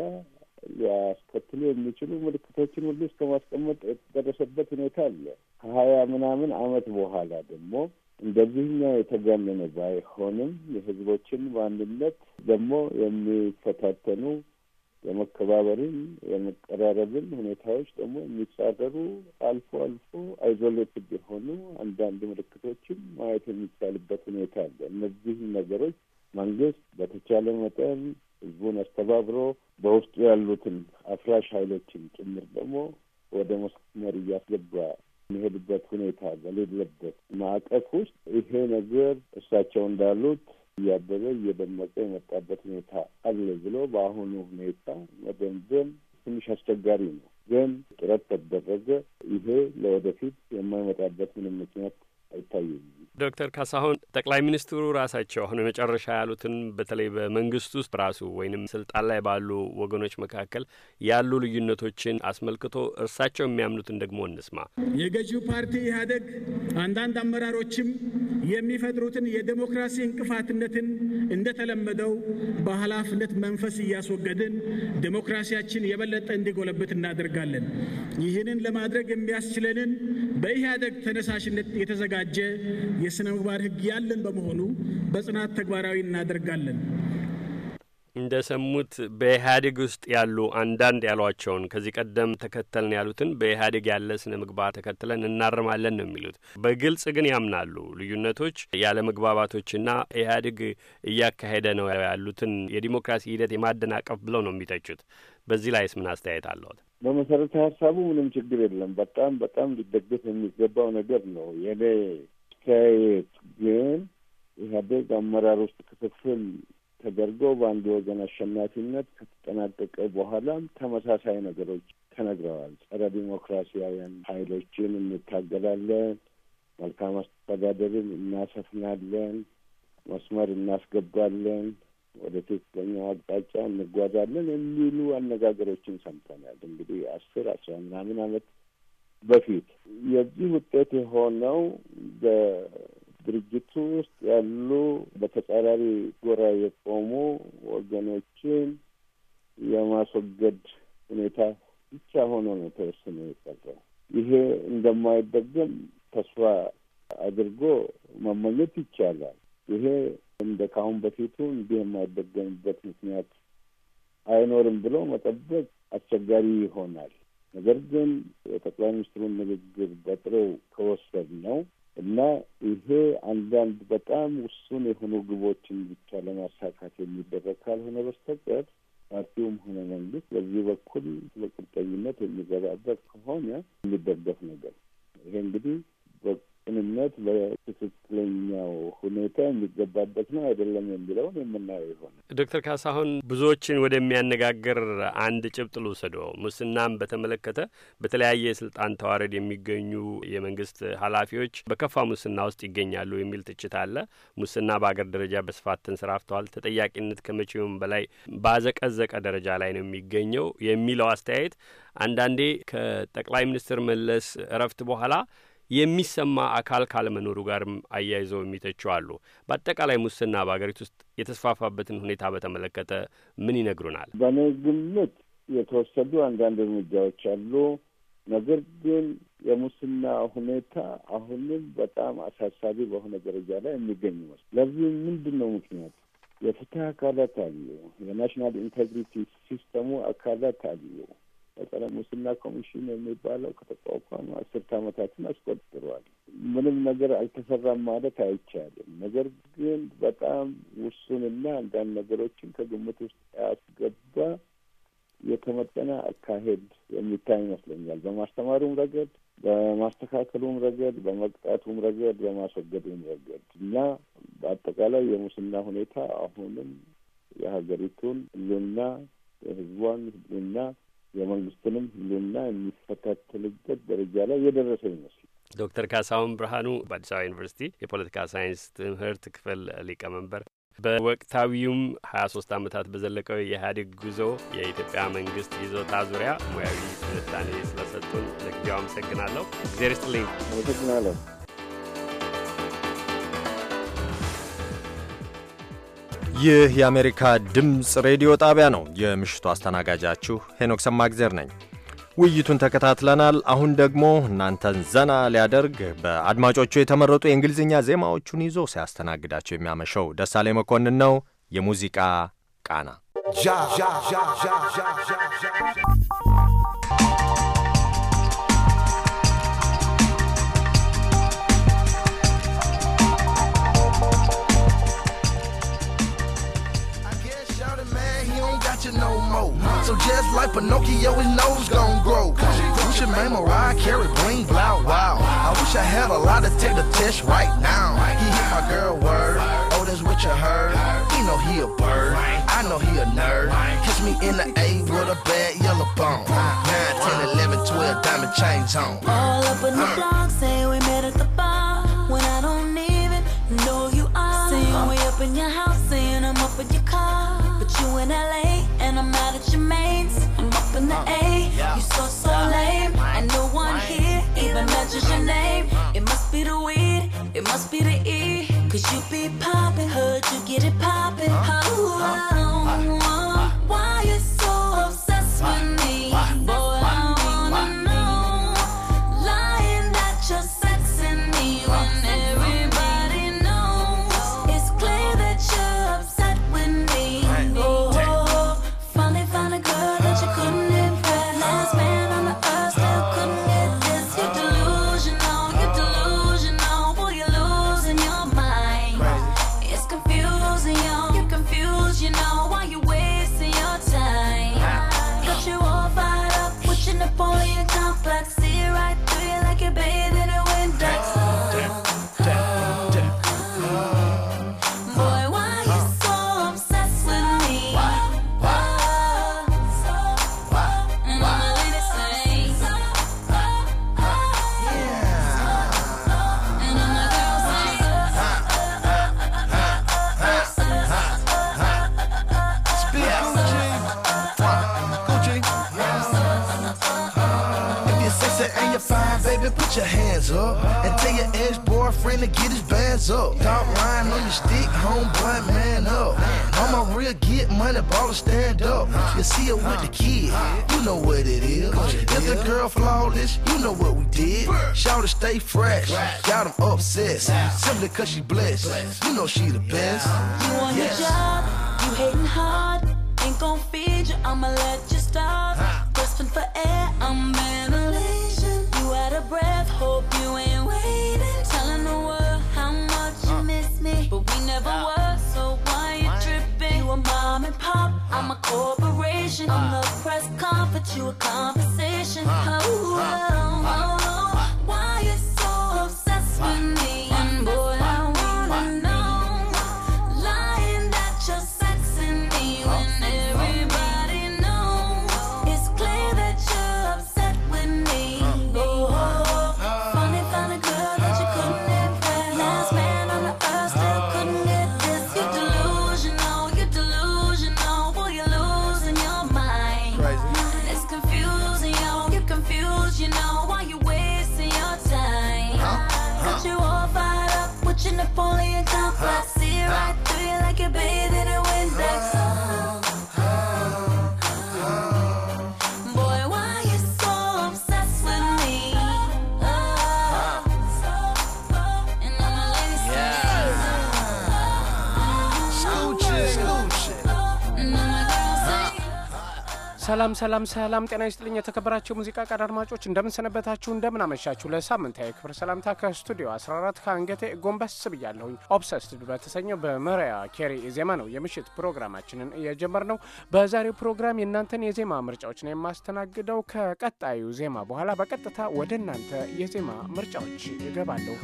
ሊያስከትሉ የሚችሉ ምልክቶችን ሁሉ እስከ ማስቀመጥ የተደረሰበት ሁኔታ አለ። ከሀያ ምናምን አመት በኋላ ደግሞ እንደዚህኛው የተጋነነ ባይሆንም የህዝቦችን በአንድነት ደግሞ የሚፈታተኑ የመከባበርን የመቀራረብን ሁኔታዎች ደግሞ የሚጻረሩ አልፎ አልፎ አይዞሌትድ የሆኑ አንዳንድ ምልክቶችን ማየት የሚቻልበት ሁኔታ አለ። እነዚህ ነገሮች መንግስት በተቻለ መጠን ህዝቡን አስተባብሮ በውስጡ ያሉትን አፍራሽ ኃይሎችን ጭምር ደግሞ ወደ መስመር እያስገባ የሚሄድበት ሁኔታ በሌለበት ማዕቀፍ ውስጥ ይሄ ነገር እሳቸው እንዳሉት እያበበ እየደመቀ የመጣበት ሁኔታ አለ ብሎ በአሁኑ ሁኔታ መደምደም ትንሽ አስቸጋሪ ነው። ግን ጥረት ተደረገ። ዶክተር ካሳሁን ጠቅላይ ሚኒስትሩ ራሳቸው አሁን የመጨረሻ ያሉትን በተለይ በመንግስት ውስጥ ራሱ ወይንም ስልጣን ላይ ባሉ ወገኖች መካከል ያሉ ልዩነቶችን አስመልክቶ እርሳቸው የሚያምኑትን ደግሞ እንስማ። የገዢው ፓርቲ ኢህአዴግ አንዳንድ አመራሮችም የሚፈጥሩትን የዴሞክራሲ እንቅፋትነትን እንደተለመደው በኃላፊነት መንፈስ እያስወገድን ዴሞክራሲያችን የበለጠ እንዲጎለብት እናደርጋለን። ይህንን ለማድረግ የሚያስችለንን በኢህአዴግ ተነሳሽነት የተዘጋጀ የሥነ ምግባር ሕግ ያለን በመሆኑ በጽናት ተግባራዊ እናደርጋለን። እንደ ሰሙት በኢህአዴግ ውስጥ ያሉ አንዳንድ ያሏቸውን ከዚህ ቀደም ተከተልን ያሉትን በኢህአዴግ ያለ ስነ ምግባር ተከትለን እናርማለን ነው የሚሉት። በግልጽ ግን ያምናሉ ልዩነቶች፣ ያለ መግባባቶችና ኢህአዴግ እያካሄደ ነው ያሉትን የዲሞክራሲ ሂደት የማደናቀፍ ብለው ነው የሚተቹት። በዚህ ላይስ ምን አስተያየት አለዎት? በመሰረተ ሀሳቡ ምንም ችግር የለም። በጣም በጣም ሊደገፍ የሚገባው ነገር ነው የኔ አስተያየት ግን ኢህአዴግ አመራር ውስጥ ክፍፍል ተደርጎ በአንድ ወገን አሸናፊነት ከተጠናቀቀ በኋላም ተመሳሳይ ነገሮች ተነግረዋል። ጸረ ዲሞክራሲያውያን ኃይሎችን እንታገላለን፣ መልካም አስተዳደርን እናሰፍናለን፣ መስመር እናስገባለን፣ ወደ ትክክለኛው አቅጣጫ እንጓዛለን የሚሉ አነጋገሮችን ሰምተናል። እንግዲህ አስር አስራ ምናምን አመት በፊት የዚህ ውጤት የሆነው በድርጅቱ ውስጥ ያሉ በተጻራሪ ጎራ የቆሙ ወገኖችን የማስወገድ ሁኔታ ብቻ ሆኖ ነው ተወስኖ የቀረው። ይሄ እንደማይደገም ተስፋ አድርጎ መመኘት ይቻላል። ይሄ እንደ ካሁን በፊቱ እንዲህ የማይደገምበት ምክንያት አይኖርም ብሎ መጠበቅ አስቸጋሪ ይሆናል። ነገር ግን የጠቅላይ ሚኒስትሩን ንግግር በጥሬው ነው እና ይሄ አንዳንድ በጣም ውሱን የሆኑ ግቦችን ብቻ ለማሳካት የሚደረግ ካልሆነ በስተቀር ፓርቲውም ሆነ መንግስት በዚህ በኩል ስለ ቁርጠኝነት የሚገባበት ከሆነ የሚደገፍ ነገር ይሄ እንግዲህ ቅንነት በትክክለኛው ሁኔታ የሚገባበት ነው አይደለም የሚለውን የምናየው ይሆን። ዶክተር ካሳሁን ብዙዎችን ወደሚያነጋግር አንድ ጭብጥ ልውሰዶ ሙስናም በተመለከተ በተለያየ የስልጣን ተዋረድ የሚገኙ የመንግስት ኃላፊዎች በከፋ ሙስና ውስጥ ይገኛሉ የሚል ትችት አለ። ሙስና በአገር ደረጃ በስፋት ተንሰራፍተዋል፣ ተጠያቂነት ከመቼውም በላይ ባዘቀዘቀ ደረጃ ላይ ነው የሚገኘው የሚለው አስተያየት አንዳንዴ ከጠቅላይ ሚኒስትር መለስ እረፍት በኋላ የሚሰማ አካል ካለመኖሩ ጋርም አያይዘው የሚተቹ አሉ። በአጠቃላይ ሙስና በሀገሪቱ ውስጥ የተስፋፋበትን ሁኔታ በተመለከተ ምን ይነግሩናል? በእኔ ግምት የተወሰዱ አንዳንድ እርምጃዎች አሉ። ነገር ግን የሙስና ሁኔታ አሁንም በጣም አሳሳቢ በሆነ ደረጃ ላይ የሚገኝ ይመስል ለዚህ ምንድን ነው ምክንያቱ? የፍትህ አካላት አሉ። የናሽናል ኢንቴግሪቲ ሲስተሙ አካላት አሉ። ጸረ ሙስና ኮሚሽን የሚባለው ከተቋቋመ አስርት ዓመታትን አስቆጥሯል። ምንም ነገር አልተሰራም ማለት አይቻልም። ነገር ግን በጣም ውሱንና አንዳንድ ነገሮችን ከግምት ውስጥ ያስገባ የተመጠነ አካሄድ የሚታይ ይመስለኛል። በማስተማሩም ረገድ፣ በማስተካከሉም ረገድ፣ በመቅጣቱም ረገድ፣ በማስወገዱም ረገድ እና በአጠቃላይ የሙስና ሁኔታ አሁንም የሀገሪቱን ህልና የህዝቧን ህልና የመንግስትንም ሕልውና የሚፈታተልበት ደረጃ ላይ የደረሰ ይመስል ዶክተር ካሳሁን ብርሃኑ በአዲስ አበባ ዩኒቨርሲቲ የፖለቲካ ሳይንስ ትምህርት ክፍል ሊቀመንበር በወቅታዊውም ሀያ ሶስት ዓመታት በዘለቀው የኢህአዴግ ጉዞ የኢትዮጵያ መንግስት ይዞታ ዙሪያ ሙያዊ ትንታኔ ስለሰጡን ለጊዜው አመሰግናለሁ። እግዜር ይስጥልኝ። አመሰግናለሁ። ይህ የአሜሪካ ድምፅ ሬዲዮ ጣቢያ ነው። የምሽቱ አስተናጋጃችሁ ሄኖክ ሰማግዜር ነኝ። ውይይቱን ተከታትለናል። አሁን ደግሞ እናንተን ዘና ሊያደርግ በአድማጮቹ የተመረጡ የእንግሊዝኛ ዜማዎቹን ይዞ ሲያስተናግዳቸው የሚያመሸው ደሳሌ መኮንን ነው። የሙዚቃ ቃና no more. So just like Pinocchio, his nose gon' grow. Gucci you made Mariah Carey bling blow wow. I wish I had a lot to take the test right now. He hit my girl word. Oh, that's what you heard. He know he a bird. I know he a nerd. Kiss me in the A with a bad yellow bone. 9, 10, 11, 12, diamond chains on. All up in the uh. blog say we met at the bar. When I don't even know you are. Saying we up in your house, saying I'm up in your car. But you in LA and I'm out at your mains. I'm up in the A, you so, so lame. And no one here even mentions your name. It must be the weed, it must be the E. Cause you be poppin', heard you get it poppin', huh? Still with the kid, you know what it is. If the girl flawless, you know what we did. Shout to stay fresh, got them obsessed. Simply cause she blessed, you know she the best. You want your job, you hating hard, ain't gon' feed you, I'ma let you starve. corporation. Uh. Ah. the press conference, you a conversation. Uh. ሰላም ሰላም ሰላም፣ ጤና ይስጥልኝ የተከበራቸው ሙዚቃ ቃድ አድማጮች እንደምንሰነበታችሁ፣ እንደምናመሻችሁ። ለሳምንታዊ የክብር ሰላምታ ከስቱዲዮ 14 ከአንገቴ ጎንበስ ብያለሁኝ። ኦብሰስድ በተሰኘው በመሪያ ኬሪ ዜማ ነው የምሽት ፕሮግራማችንን ነው። በዛሬው ፕሮግራም የእናንተን የዜማ ምርጫዎች ነው የማስተናግደው። ከቀጣዩ ዜማ በኋላ በቀጥታ ወደ እናንተ የዜማ ምርጫዎች እገባለሁ።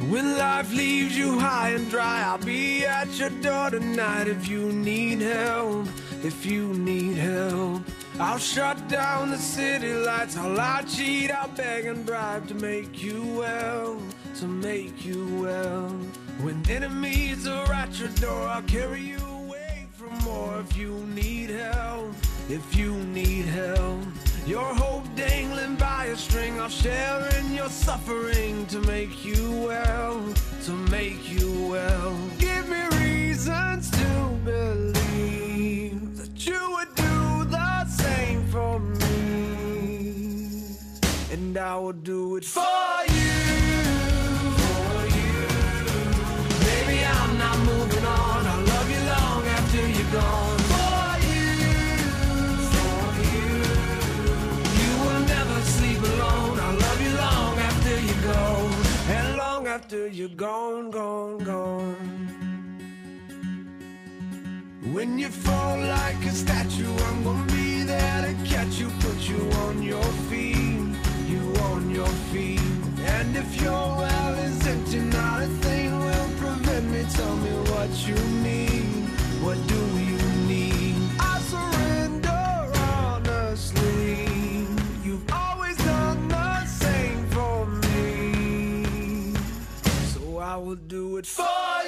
If you need help I'll shut down the city lights. I'll lie, cheat, I'll beg and bribe to make you well, to make you well. When enemies are at your door, I'll carry you away from more if you need help, if you need help. Your hope dangling by a string, I'll share in your suffering to make you well, to make you well. Give me reasons to believe. and I will do it for you. Baby, I'm not moving on. I love you long after you're gone. For you. For you. You will never sleep alone. I love you long after you And long after you're gone, gone, gone. When you fall like a statue, I'm gonna be there to catch you, put you on your feet your feet. And if your well is empty, not a thing will prevent me. Tell me what you need. What do you need? I surrender honestly. You've always done the same for me. So I will do it for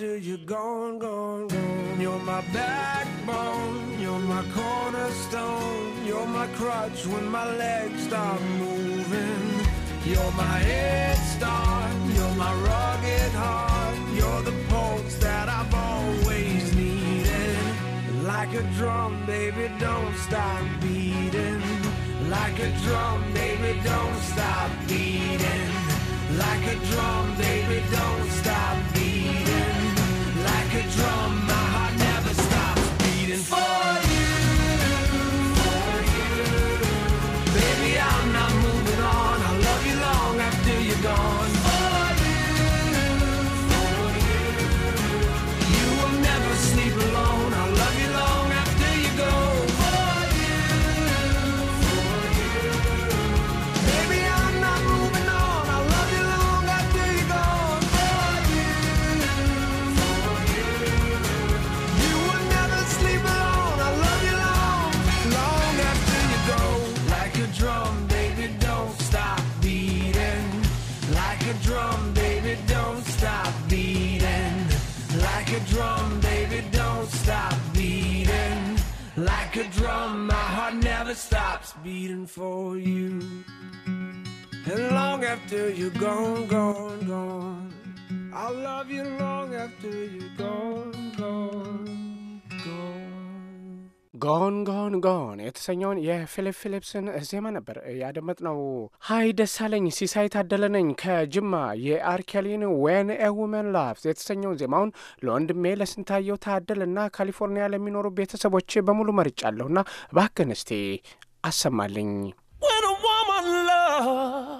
after you're gone, gone, gone. You're my backbone, you're my cornerstone, you're my crutch when my legs stop moving. You're my head start, you're my rugged heart, you're the pulse that I've always needed. Like a drum, baby, don't stop beating. Like a drum, baby, don't stop beating. Like a drum, baby, don't stop beating for you. And long after you're gone, gone, gone, I'll love you long after you're gone, gone, ጎን ጎን ጎን የተሰኘውን የፊሊፕ ፊሊፕስን ዜማ ነበር ያደመጥ ነው። ሀይ ደሳለኝ ሲሳይ ታደለነኝ ከጅማ የአርኬሊን ዌን ኤ ውመን ላቭስ የተሰኘውን ዜማውን ለወንድሜ ለስንታየው ታደልና ካሊፎርኒያ ለሚኖሩ ቤተሰቦች በሙሉ መርጫለሁና እባክህን እስቲ Asamalin. When a woman loves.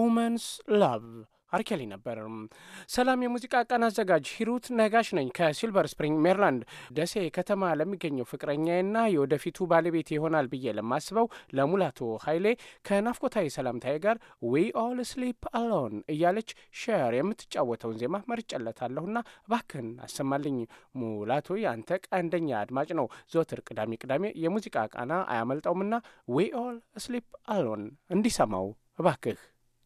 ኦመንስ ላቭ አርኬሊ ነበር። ሰላም የሙዚቃ ቀን አዘጋጅ ሂሩት ነጋሽ ነኝ ከሲልቨር ስፕሪንግ ሜሪላንድ። ደሴ ከተማ ለሚገኘው ፍቅረኛዬና የወደፊቱ ባለቤት ይሆናል ብዬ ለማስበው ለሙላቱ ኃይሌ ከናፍቆታዊ ሰላምታዬ ጋር ዊ ኦል ስሊፕ አሎን እያለች ሼር የምትጫወተውን ዜማ መርጨለታለሁና እባክህን አሰማልኝ። ሙላቱ የአንተ ቀንደኛ አድማጭ ነው። ዘወትር ቅዳሜ ቅዳሜ የሙዚቃ ቃና አያመልጠውምና ዊ ኦል ስሊፕ አሎን እንዲሰማው እባክህ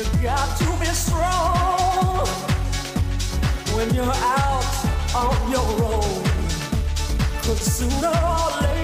You got to be strong when you're out on your own. Cause sooner or later.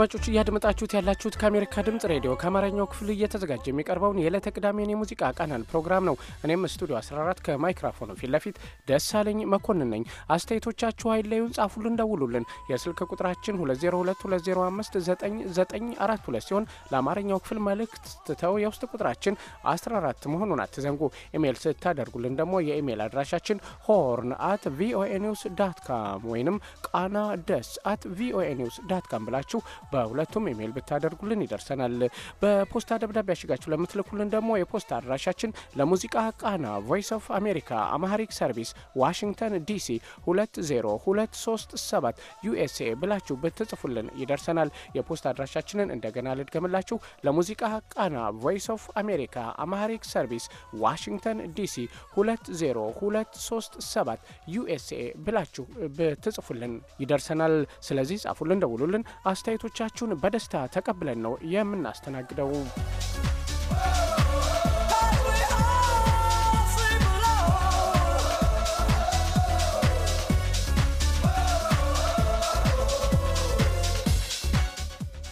አድማጮች እያደመጣችሁት ያላችሁት ከአሜሪካ ድምጽ ሬዲዮ ከአማርኛው ክፍል እየተዘጋጀ የሚቀርበውን የዕለተ ቅዳሜን የሙዚቃ ቃናን ፕሮግራም ነው። እኔም ስቱዲዮ 14 ከማይክሮፎኑ ፊት ለፊት ደሳለኝ መኮንን ነኝ። አስተያየቶቻችሁ አይለዩን፣ ጻፉልን፣ ደውሉልን። የስልክ ቁጥራችን 2022059942 ሲሆን ለአማርኛው ክፍል መልእክት ትተው የውስጥ ቁጥራችን 14 መሆኑን አትዘንጉ። ኢሜይል ስታደርጉልን ደግሞ የኢሜይል አድራሻችን ሆርን አት ቪኦኤ ኒውስ ዳት ካም ወይንም ቃና ደስ አት ቪኦኤ ኒውስ ዳት ካም ብላችሁ በሁለቱም ኢሜይል ብታደርጉልን ይደርሰናል። በፖስታ ደብዳቤ ያሽጋችሁ ለምትልኩልን ደግሞ የፖስታ አድራሻችን ለሙዚቃ ቃና ቮይስ ኦፍ አሜሪካ አማሃሪክ ሰርቪስ ዋሽንግተን ዲሲ 20237 ዩኤስኤ ብላችሁ ብትጽፉልን ይደርሰናል። የፖስታ አድራሻችንን እንደገና ልድገምላችሁ። ለሙዚቃ ቃና ቮይስ ኦፍ አሜሪካ አማሃሪክ ሰርቪስ ዋሽንግተን ዲሲ 20237 ዩኤስኤ ብላችሁ ብትጽፉልን ይደርሰናል። ስለዚህ ጻፉልን፣ ደውሉልን። አስተያየቶች ጥሪዎቻችሁን በደስታ ተቀብለን ነው የምናስተናግደው።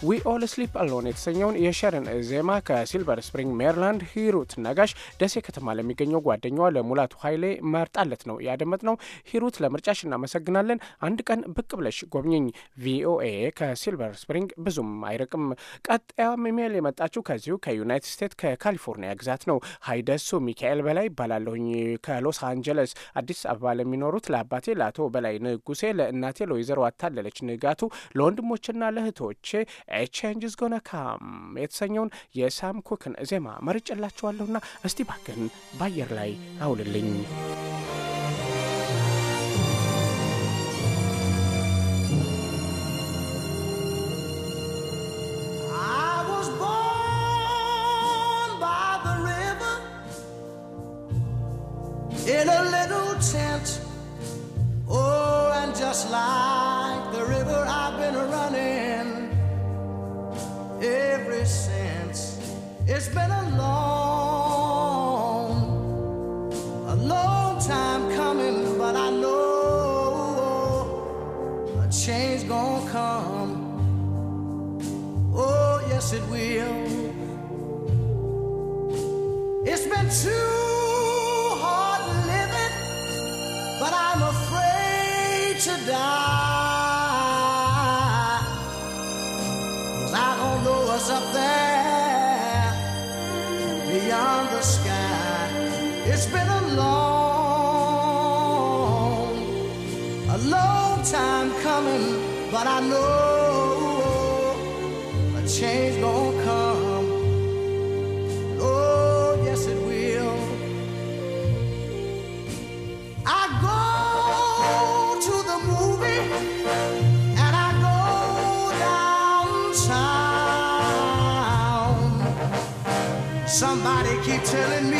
ዊ ኦል ስሊፕ አሎን የተሰኘውን የሸርን ዜማ ከሲልቨር ስፕሪንግ ሜሪላንድ ሂሩት ነጋሽ ደሴ ከተማ ለሚገኘው ጓደኛዋ ለሙላቱ ኃይሌ መርጣለት ነው ነው። ሂሩት ለምርጫሽ እናመሰግናለን። አንድ ቀን ብቅ ብለሽ ጎብኝኝ። ቪኦኤ ከሲልቨር ስፕሪንግ ብዙም አይርቅም። ቀጣዩ ኢሜል የመጣችው ከዚሁ ከዩናይትድ ስቴትስ ከካሊፎርኒያ ግዛት ነው። ሀይደሱ ሚካኤል በላይ ይባላለሁኝ ከሎስ አንጀለስ አዲስ አበባ ለሚኖሩት ለአባቴ ለአቶ በላይ ንጉሴ፣ ለእናቴ ለወይዘሮ አታለለች ንጋቱ፣ ለወንድሞችና ለእህቶቼ ኤቼንጅ ቼንጅ ኢዝ ጎነ ካም የተሰኘውን የሳም ኩክን ዜማ መርጭላችኋለሁና እስቲ ባክን በአየር ላይ አውልልኝ። In a little tent, oh, and just like It's been a long telling me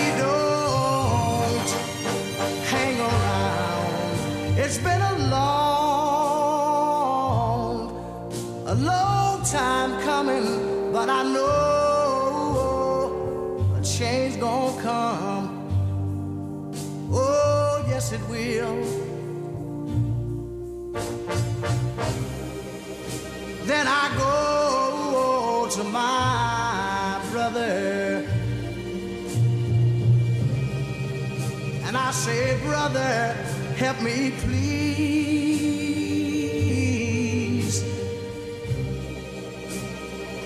say, brother, help me please.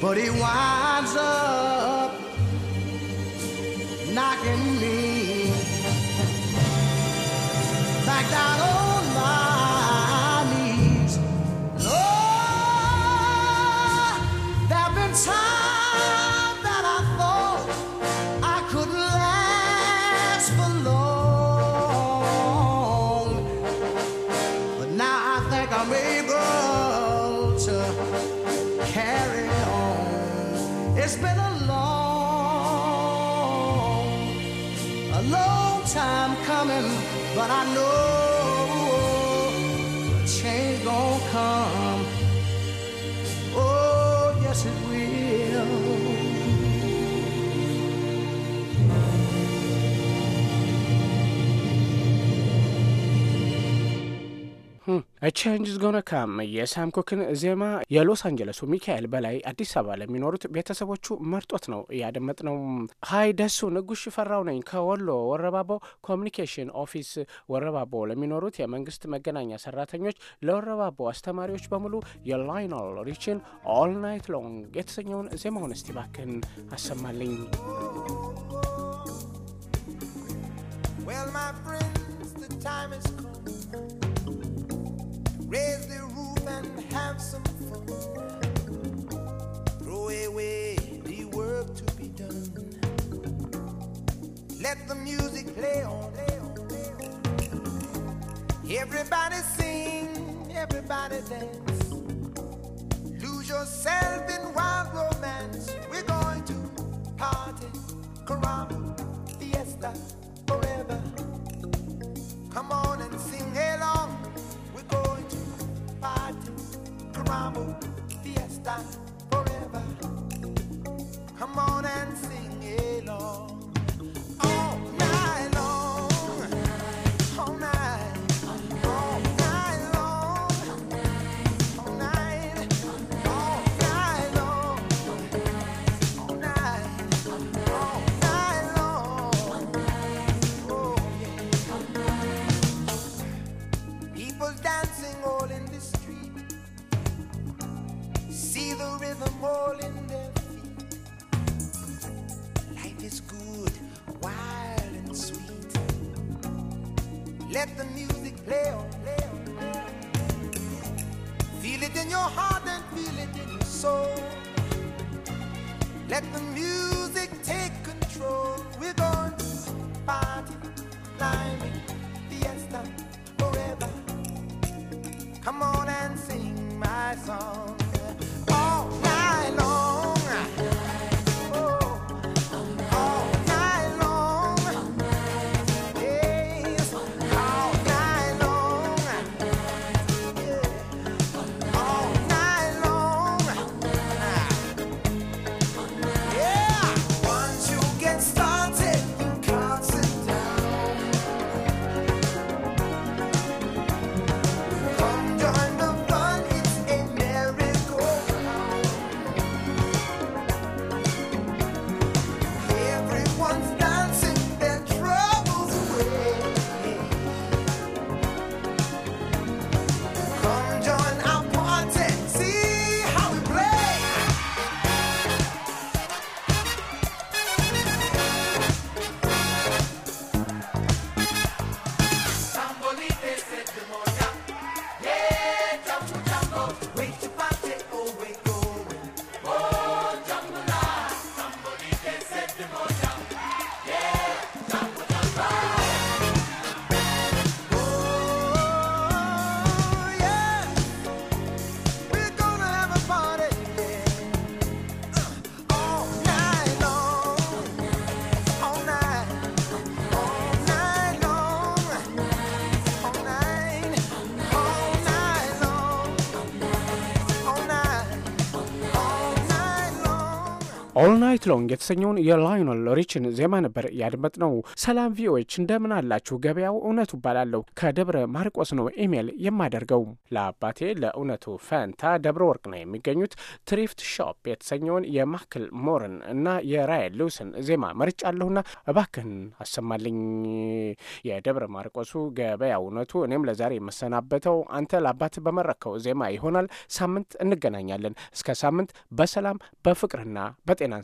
But he winds up knocking me back down. አ ቼንጅ ካም የሳም ኮክን ዜማ የሎስ አንጀለሱ ሚካኤል በላይ አዲስ አበባ ለሚኖሩት ቤተሰቦቹ መርጦት ነው እያደመጥነው። ሀይ ደሱ ንጉሽ ፈራው ነኝ ከወሎ ወረባቦ ኮሚኒኬሽን ኦፊስ ወረባቦ ለሚኖሩት የመንግስት መገናኛ ሰራተኞች፣ ለወረባቦ አስተማሪዎች በሙሉ የላይኖል ሪችን ኦል ናይት ሎንግ የተሰኘውን ዜማውን እስቲ ባክን አሰማልኝ። Well, my friends, the time has come. raise the roof and have some fun. Throw away the work to be done. Let the music play on. Everybody sing, everybody dance. Lose yourself in wild romance. ናይት ሎንግ የተሰኘውን የላዮነል ሪችን ዜማ ነበር ያድመጥ ነው። ሰላም ቪዎች እንደምን አላችሁ? ገበያው እውነቱ እባላለሁ። ከደብረ ማርቆስ ነው ኢሜይል የማደርገው። ለአባቴ ለእውነቱ ፈንታ ደብረ ወርቅ ነው የሚገኙት። ትሪፍት ሾፕ የተሰኘውን የማክል ሞርን እና የራይል ሉስን ዜማ መርጫ አለሁና እባክህን አሰማልኝ። የደብረ ማርቆሱ ገበያ እውነቱ። እኔም ለዛሬ የመሰናበተው አንተ ለአባት በመረከው ዜማ ይሆናል። ሳምንት እንገናኛለን። እስከ ሳምንት በሰላም በፍቅርና በጤናን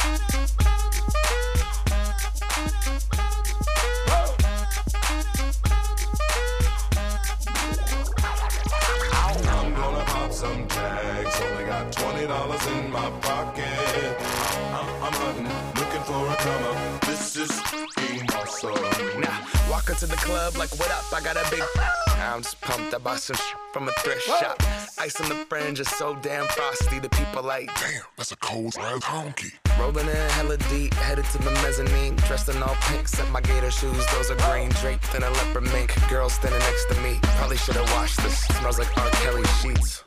club like, what up? I got a big. I'm just pumped. I bought some sh- from a thrift Whoa. shop. Ice on the fringe is so damn frosty. The people like, damn, that's a cold ass honky. Rolling in hella deep, headed to the mezzanine. Dressed in all pink, set my gator shoes. Those are green draped in a leopard mink. Girl standing next to me. Probably should have washed this. Smells like R. Kelly sheets.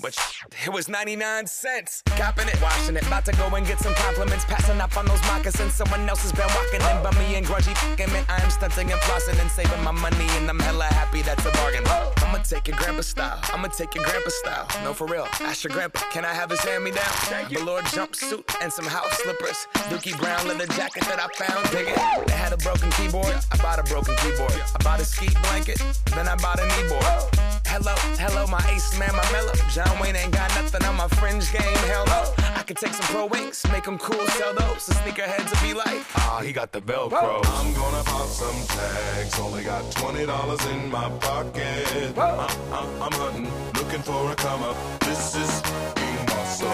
But it was 99 cents. Copping it, washing it. About to go and get some compliments. Passing up on those moccasins. Someone else has been walking in. But me and grudgy fucking man. I am stunting and flossing and saving my money. And I'm hella happy that's a bargain. I'ma take your grandpa style. I'ma take your grandpa style. No, for real. Ask your grandpa. Can I have his hand me down? Thank you. Lord jumpsuit and some house slippers. Dookie Brown leather jacket that I found. Dig it. They had a broken keyboard. I bought a broken keyboard. I bought a ski blanket. Then I bought a kneeboard. Hello, hello, my ace man, my mellow. John John Wayne ain't got nothing on my fringe game. Hell no. I could take some pro wings, make them cool, sell those. The sneakerheads will be like, ah, he got the Velcro. I'm gonna pop some tags. Only got $20 in my pocket. I, I, uh, uh, I'm hunting, looking for a come up. This is being awesome.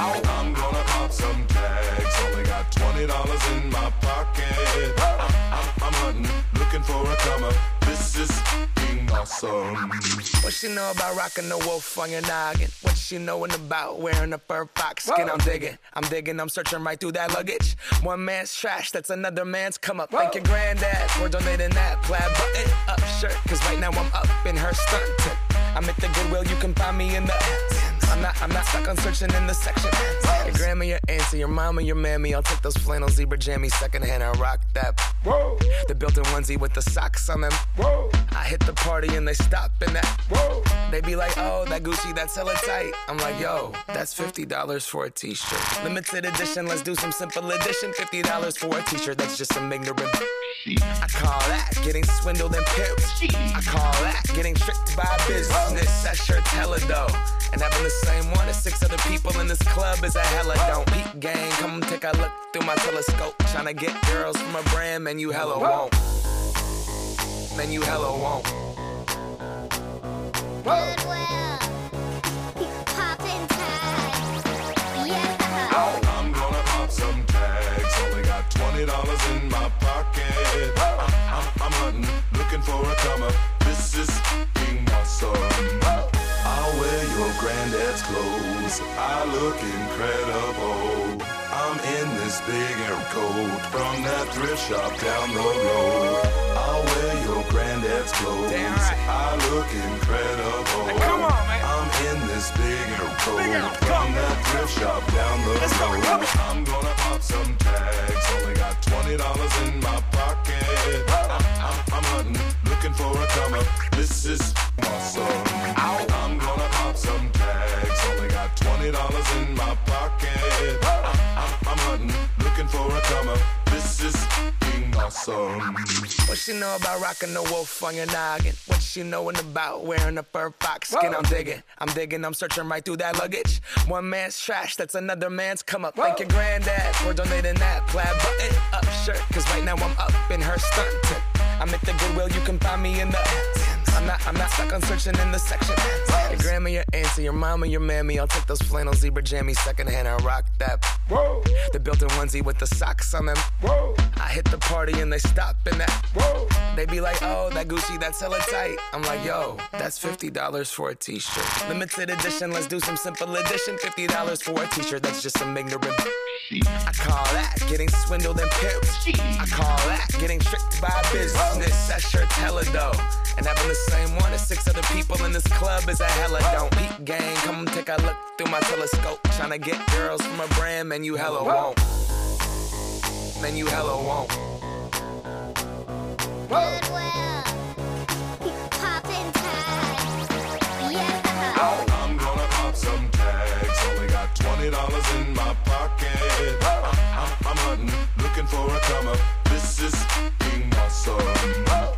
Ow. I'm gonna pop some tags. Only got $20 in my pocket. I, I, uh, I'm hunting, looking for a come up. This is awesome. What she know about rocking the wolf on your noggin? What she knowin' about wearing a fur fox skin? Whoa. I'm diggin', I'm diggin', I'm searching right through that luggage. One man's trash, that's another man's come up. Whoa. Thank your granddad for donating that plaid button up shirt. Cause right now I'm up in her skirt. I'm at the Goodwill, you can find me in the. I'm not, I'm not stuck on searching in the section. Your grandma, your auntie, your mama, your mammy. I'll take those flannel zebra jammies secondhand and rock that. Whoa. The built-in onesie with the socks on them. Whoa. I hit the party and they stop and that, whoa. They be like, oh, that Gucci, that's hella tight. I'm like, yo, that's $50 for a t shirt. Limited edition, let's do some simple edition. $50 for a t shirt, that's just some ignorant. I call that getting swindled and pipped. I call that getting tricked by business. That shirt's hella dope, And having the same one as six other people in this club is a hella don't. Peak gang, come take a look through my telescope. Trying to get girls from a brand, man, you hella won't man, you hella won't. Goodwill. Yeah. I'm gonna pop some tags. Only got $20 in my pocket. I'm, I'm, I'm hunting, looking for a comer. This is being awesome. I'll wear your granddad's clothes. I look incredible. I'm in this big air coat from that thrift shop down the road and explodes. Damn right. I look incredible. Hey, come on, man. I'm in this big air coat from that thrift shop down the Let's road. Go, I'm gonna pop some tags. Only got twenty dollars in my pocket. I'm, I'm, I'm hunting, looking for a comer. This is awesome. Ow. I'm gonna pop some tags. Only got twenty dollars in my pocket. I'm, I'm, I'm hunting, looking for a comer. This is awesome. What she know about rocking the wolf on your noggin? What she knowin' about wearing a fur fox skin? Whoa. I'm diggin', I'm diggin', I'm searching right through that luggage. One man's trash, that's another man's come up. Whoa. Thank your granddad for donating that plaid button up shirt. Cause right now I'm up in her stunt. I'm at the Goodwill, you can find me in the. I'm not, I'm not stuck on searching in the section Your grandma, your auntie, your mama, your mammy. I'll take those flannel zebra jammies secondhand and rock that. Whoa. The built-in onesie with the socks on them. Whoa. I hit the party and they stop in that. Whoa. They be like, oh, that Gucci, that's hella tight. I'm like, yo, that's $50 for a t-shirt. Limited edition, let's do some simple edition. $50 for a t-shirt, that's just some ignorant. I call that getting swindled and pimped. I call that getting tricked by business. That shirt's hella dope, And that the same one as six other people in this club is a hella don't eat gang. Come take a look through my telescope. Tryna get girls from a brand, man, you hella won't. Man, you hella won't. Goodwill. Poppin' tags. Yeah. I'm gonna pop some tags. Only got $20 in my pocket. I'm, I'm, I'm hunting, looking for a come This is being awesome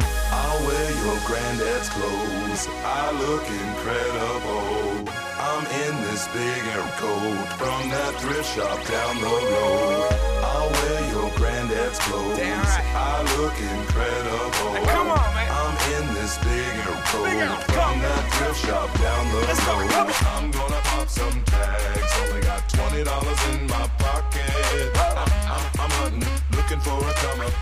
wear your granddad's clothes. I look incredible. I'm in this big air coat from that thrift shop down the road. I wear your granddad's clothes. Damn right. I look incredible. Now come on, man. I'm in this big and cold. From that thrift shop down the Let's road. Go, I'm gonna pop some tags. Only got twenty dollars in my pocket. I'm, I'm, hunting, looking for a come up.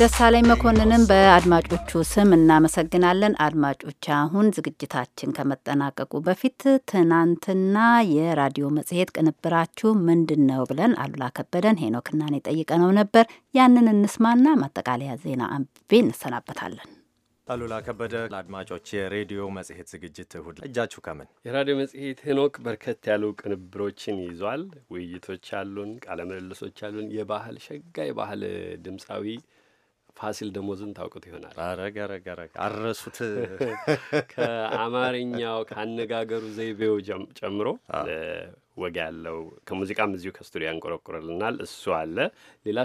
ደሳለኝ መኮንንን በአድማጮቹ ስም እናመሰግናለን። አድማጮች አሁን ዝግጅታችን ከመጠናቀቁ በፊት ትናንትና የራዲዮ መጽሔት ቅንብራችሁ ምንድን ነው ብለን አሉላ ከበደን ሄኖክ የጠይቀ ነው ነበር። ያንን እንስማና ማጠቃለያ ዜና አንብቤ እንሰናበታለን። አሉላ ከበደ ለአድማጮች የሬዲዮ መጽሔት ዝግጅት እሁድ እጃችሁ ከምን የራዲዮ መጽሔት ሄኖክ በርከት ያሉ ቅንብሮችን ይዟል። ውይይቶች አሉን፣ ቃለ ምልልሶች አሉን። የባህል ሸጋ የባህል ድምፃዊ ፋሲል ደሞዝን ታውቁት ይሆናል። አረገረገረ አረሱት *laughs* ከአማርኛው ከአነጋገሩ ዘይቤው ጨምሮ ወግ ያለው ከሙዚቃም እዚሁ ከስቱዲዮ ያንቆረቁረልናል። እሱ አለ። ሌላ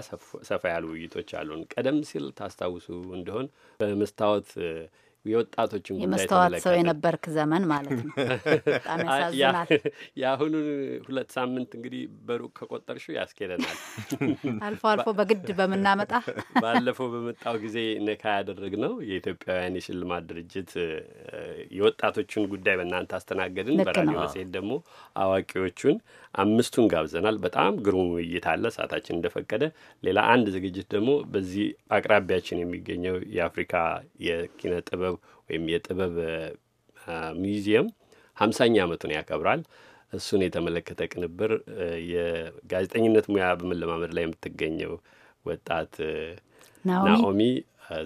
ሰፋ ያሉ ውይይቶች አሉን። ቀደም ሲል ታስታውሱ እንደሆን በመስታወት የወጣቶችን የመስተዋት ሰው የነበርክ ዘመን ማለት ነው። በጣም *laughs* ያሳዝናል። የአሁኑን ሁለት ሳምንት እንግዲህ በሩቅ ከቆጠርሽው ያስኬደናል። *laughs* አልፎ አልፎ *laughs* በግድ በምናመጣ ባለፈው በመጣው ጊዜ ነካ ያደረግ ነው የኢትዮጵያውያን የሽልማት ድርጅት የወጣቶችን ጉዳይ በእናንተ አስተናገድን። በራዲዮ መጽሔት ደግሞ አዋቂዎቹን አምስቱን ጋብዘናል። በጣም ግሩም ውይይት አለ ሰዓታችን እንደፈቀደ። ሌላ አንድ ዝግጅት ደግሞ በዚህ አቅራቢያችን የሚገኘው የአፍሪካ የኪነ ጥበብ ወይም የጥበብ ሚውዚየም ሀምሳኛ ዓመቱን ያከብራል። እሱን የተመለከተ ቅንብር የጋዜጠኝነት ሙያ በመለማመድ ላይ የምትገኘው ወጣት ናኦሚ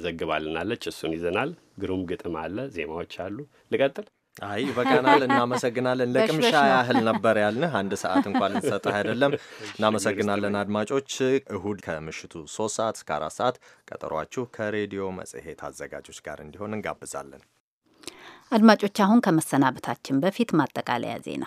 ዘግባልናለች። እሱን ይዘናል። ግሩም ግጥም አለ፣ ዜማዎች አሉ። ልቀጥል አይ ይበቃናል፣ እናመሰግናለን። ለቅምሻ ያህል ነበር ያልንህ፣ አንድ ሰዓት እንኳን ልንሰጥህ አይደለም። እናመሰግናለን አድማጮች። እሁድ ከምሽቱ ሶስት ሰዓት እስከ አራት ሰዓት ቀጠሯችሁ ከሬዲዮ መጽሔት አዘጋጆች ጋር እንዲሆን እንጋብዛለን። አድማጮች አሁን ከመሰናበታችን በፊት ማጠቃለያ ዜና።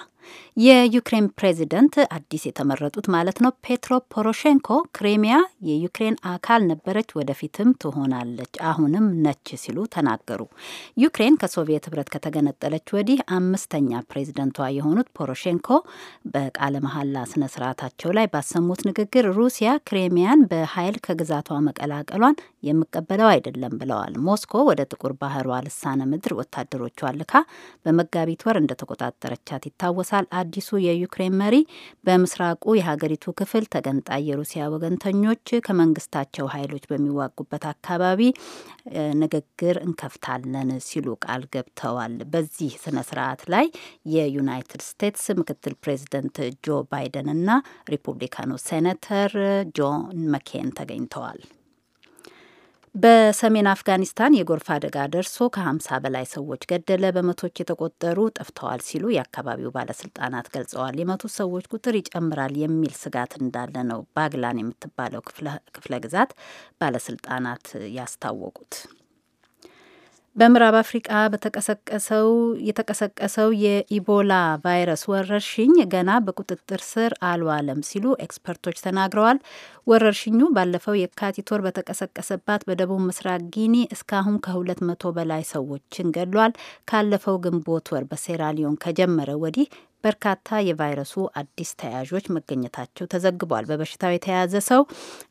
የዩክሬን ፕሬዚደንት አዲስ የተመረጡት ማለት ነው ፔትሮ ፖሮሼንኮ ክሬሚያ የዩክሬን አካል ነበረች፣ ወደፊትም ትሆናለች፣ አሁንም ነች ሲሉ ተናገሩ። ዩክሬን ከሶቪየት ሕብረት ከተገነጠለች ወዲህ አምስተኛ ፕሬዚደንቷ የሆኑት ፖሮሼንኮ በቃለ መሐላ ስነ ስርዓታቸው ላይ ባሰሙት ንግግር ሩሲያ ክሬሚያን በኃይል ከግዛቷ መቀላቀሏን የምቀበለው አይደለም ብለዋል። ሞስኮ ወደ ጥቁር ባህሯ ልሳነ ምድር ወታደሮች ወታደሮቿን ልካ በመጋቢት ወር እንደተቆጣጠረቻት ይታወሳል። አዲሱ የዩክሬን መሪ በምስራቁ የሀገሪቱ ክፍል ተገንጣይ የሩሲያ ወገንተኞች ከመንግስታቸው ኃይሎች በሚዋጉበት አካባቢ ንግግር እንከፍታለን ሲሉ ቃል ገብተዋል። በዚህ ስነ ስርዓት ላይ የዩናይትድ ስቴትስ ምክትል ፕሬዚደንት ጆ ባይደን እና ሪፑብሊካኑ ሴኔተር ጆን መኬን ተገኝተዋል። በሰሜን አፍጋኒስታን የጎርፍ አደጋ ደርሶ ከ50 በላይ ሰዎች ገደለ፣ በመቶች የተቆጠሩ ጠፍተዋል ሲሉ የአካባቢው ባለስልጣናት ገልጸዋል። የመቶ ሰዎች ቁጥር ይጨምራል የሚል ስጋት እንዳለ ነው ባግላን የምትባለው ክፍለ ግዛት ባለስልጣናት ያስታወቁት። በምዕራብ አፍሪቃ በተቀሰቀሰው የተቀሰቀሰው የኢቦላ ቫይረስ ወረርሽኝ ገና በቁጥጥር ስር አልዋለም ሲሉ ኤክስፐርቶች ተናግረዋል። ወረርሽኙ ባለፈው የካቲት ወር በተቀሰቀሰባት በደቡብ ምስራቅ ጊኒ እስካሁን ከሁለት መቶ በላይ ሰዎችን ገድሏል። ካለፈው ግንቦት ወር በሴራሊዮን ከጀመረ ወዲህ በርካታ የቫይረሱ አዲስ ተያዦች መገኘታቸው ተዘግቧል። በበሽታው የተያዘ ሰው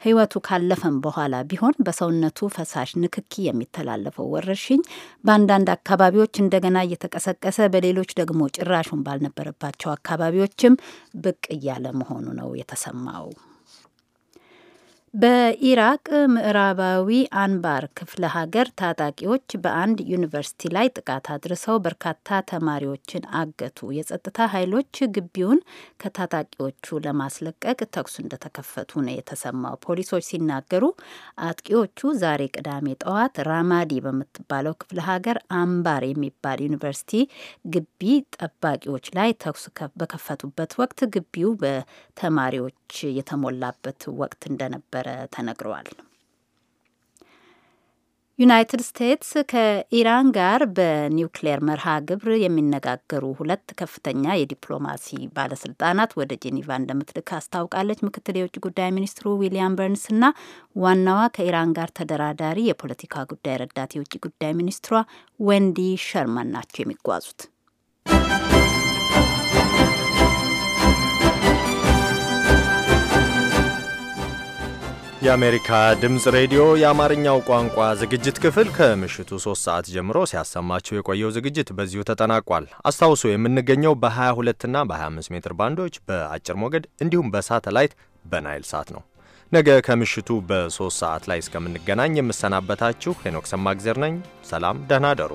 ሕይወቱ ካለፈም በኋላ ቢሆን በሰውነቱ ፈሳሽ ንክኪ የሚተላለፈው ወረርሽኝ በአንዳንድ አካባቢዎች እንደገና እየተቀሰቀሰ፣ በሌሎች ደግሞ ጭራሹን ባልነበረባቸው አካባቢዎችም ብቅ እያለ መሆኑ ነው የተሰማው። በኢራቅ ምዕራባዊ አንባር ክፍለ ሀገር ታጣቂዎች በአንድ ዩኒቨርሲቲ ላይ ጥቃት አድርሰው በርካታ ተማሪዎችን አገቱ። የጸጥታ ኃይሎች ግቢውን ከታጣቂዎቹ ለማስለቀቅ ተኩስ እንደተከፈቱ ነው የተሰማው። ፖሊሶች ሲናገሩ አጥቂዎቹ ዛሬ ቅዳሜ ጠዋት ራማዲ በምትባለው ክፍለ ሀገር አንባር የሚባል ዩኒቨርሲቲ ግቢ ጠባቂዎች ላይ ተኩስ በከፈቱበት ወቅት ግቢው በተማሪዎች የተሞላበት ወቅት እንደነበር እንደነበረ ተነግረዋል። ዩናይትድ ስቴትስ ከኢራን ጋር በኒውክሌር መርሃ ግብር የሚነጋገሩ ሁለት ከፍተኛ የዲፕሎማሲ ባለስልጣናት ወደ ጄኒቫ እንደምትልክ አስታውቃለች። ምክትል የውጭ ጉዳይ ሚኒስትሩ ዊሊያም በርንስና ዋናዋ ከኢራን ጋር ተደራዳሪ የፖለቲካ ጉዳይ ረዳት የውጭ ጉዳይ ሚኒስትሯ ወንዲ ሸርማን ናቸው የሚጓዙት። የአሜሪካ ድምፅ ሬዲዮ የአማርኛው ቋንቋ ዝግጅት ክፍል ከምሽቱ 3 ሰዓት ጀምሮ ሲያሰማቸው የቆየው ዝግጅት በዚሁ ተጠናቋል። አስታውሶ የምንገኘው በ22 እና በ25 ሜትር ባንዶች በአጭር ሞገድ እንዲሁም በሳተላይት በናይል ሳት ነው። ነገ ከምሽቱ በ3 ሰዓት ላይ እስከምንገናኝ የምሰናበታችሁ ሄኖክ ሰማግዜር ነኝ። ሰላም፣ ደህና ደሩ።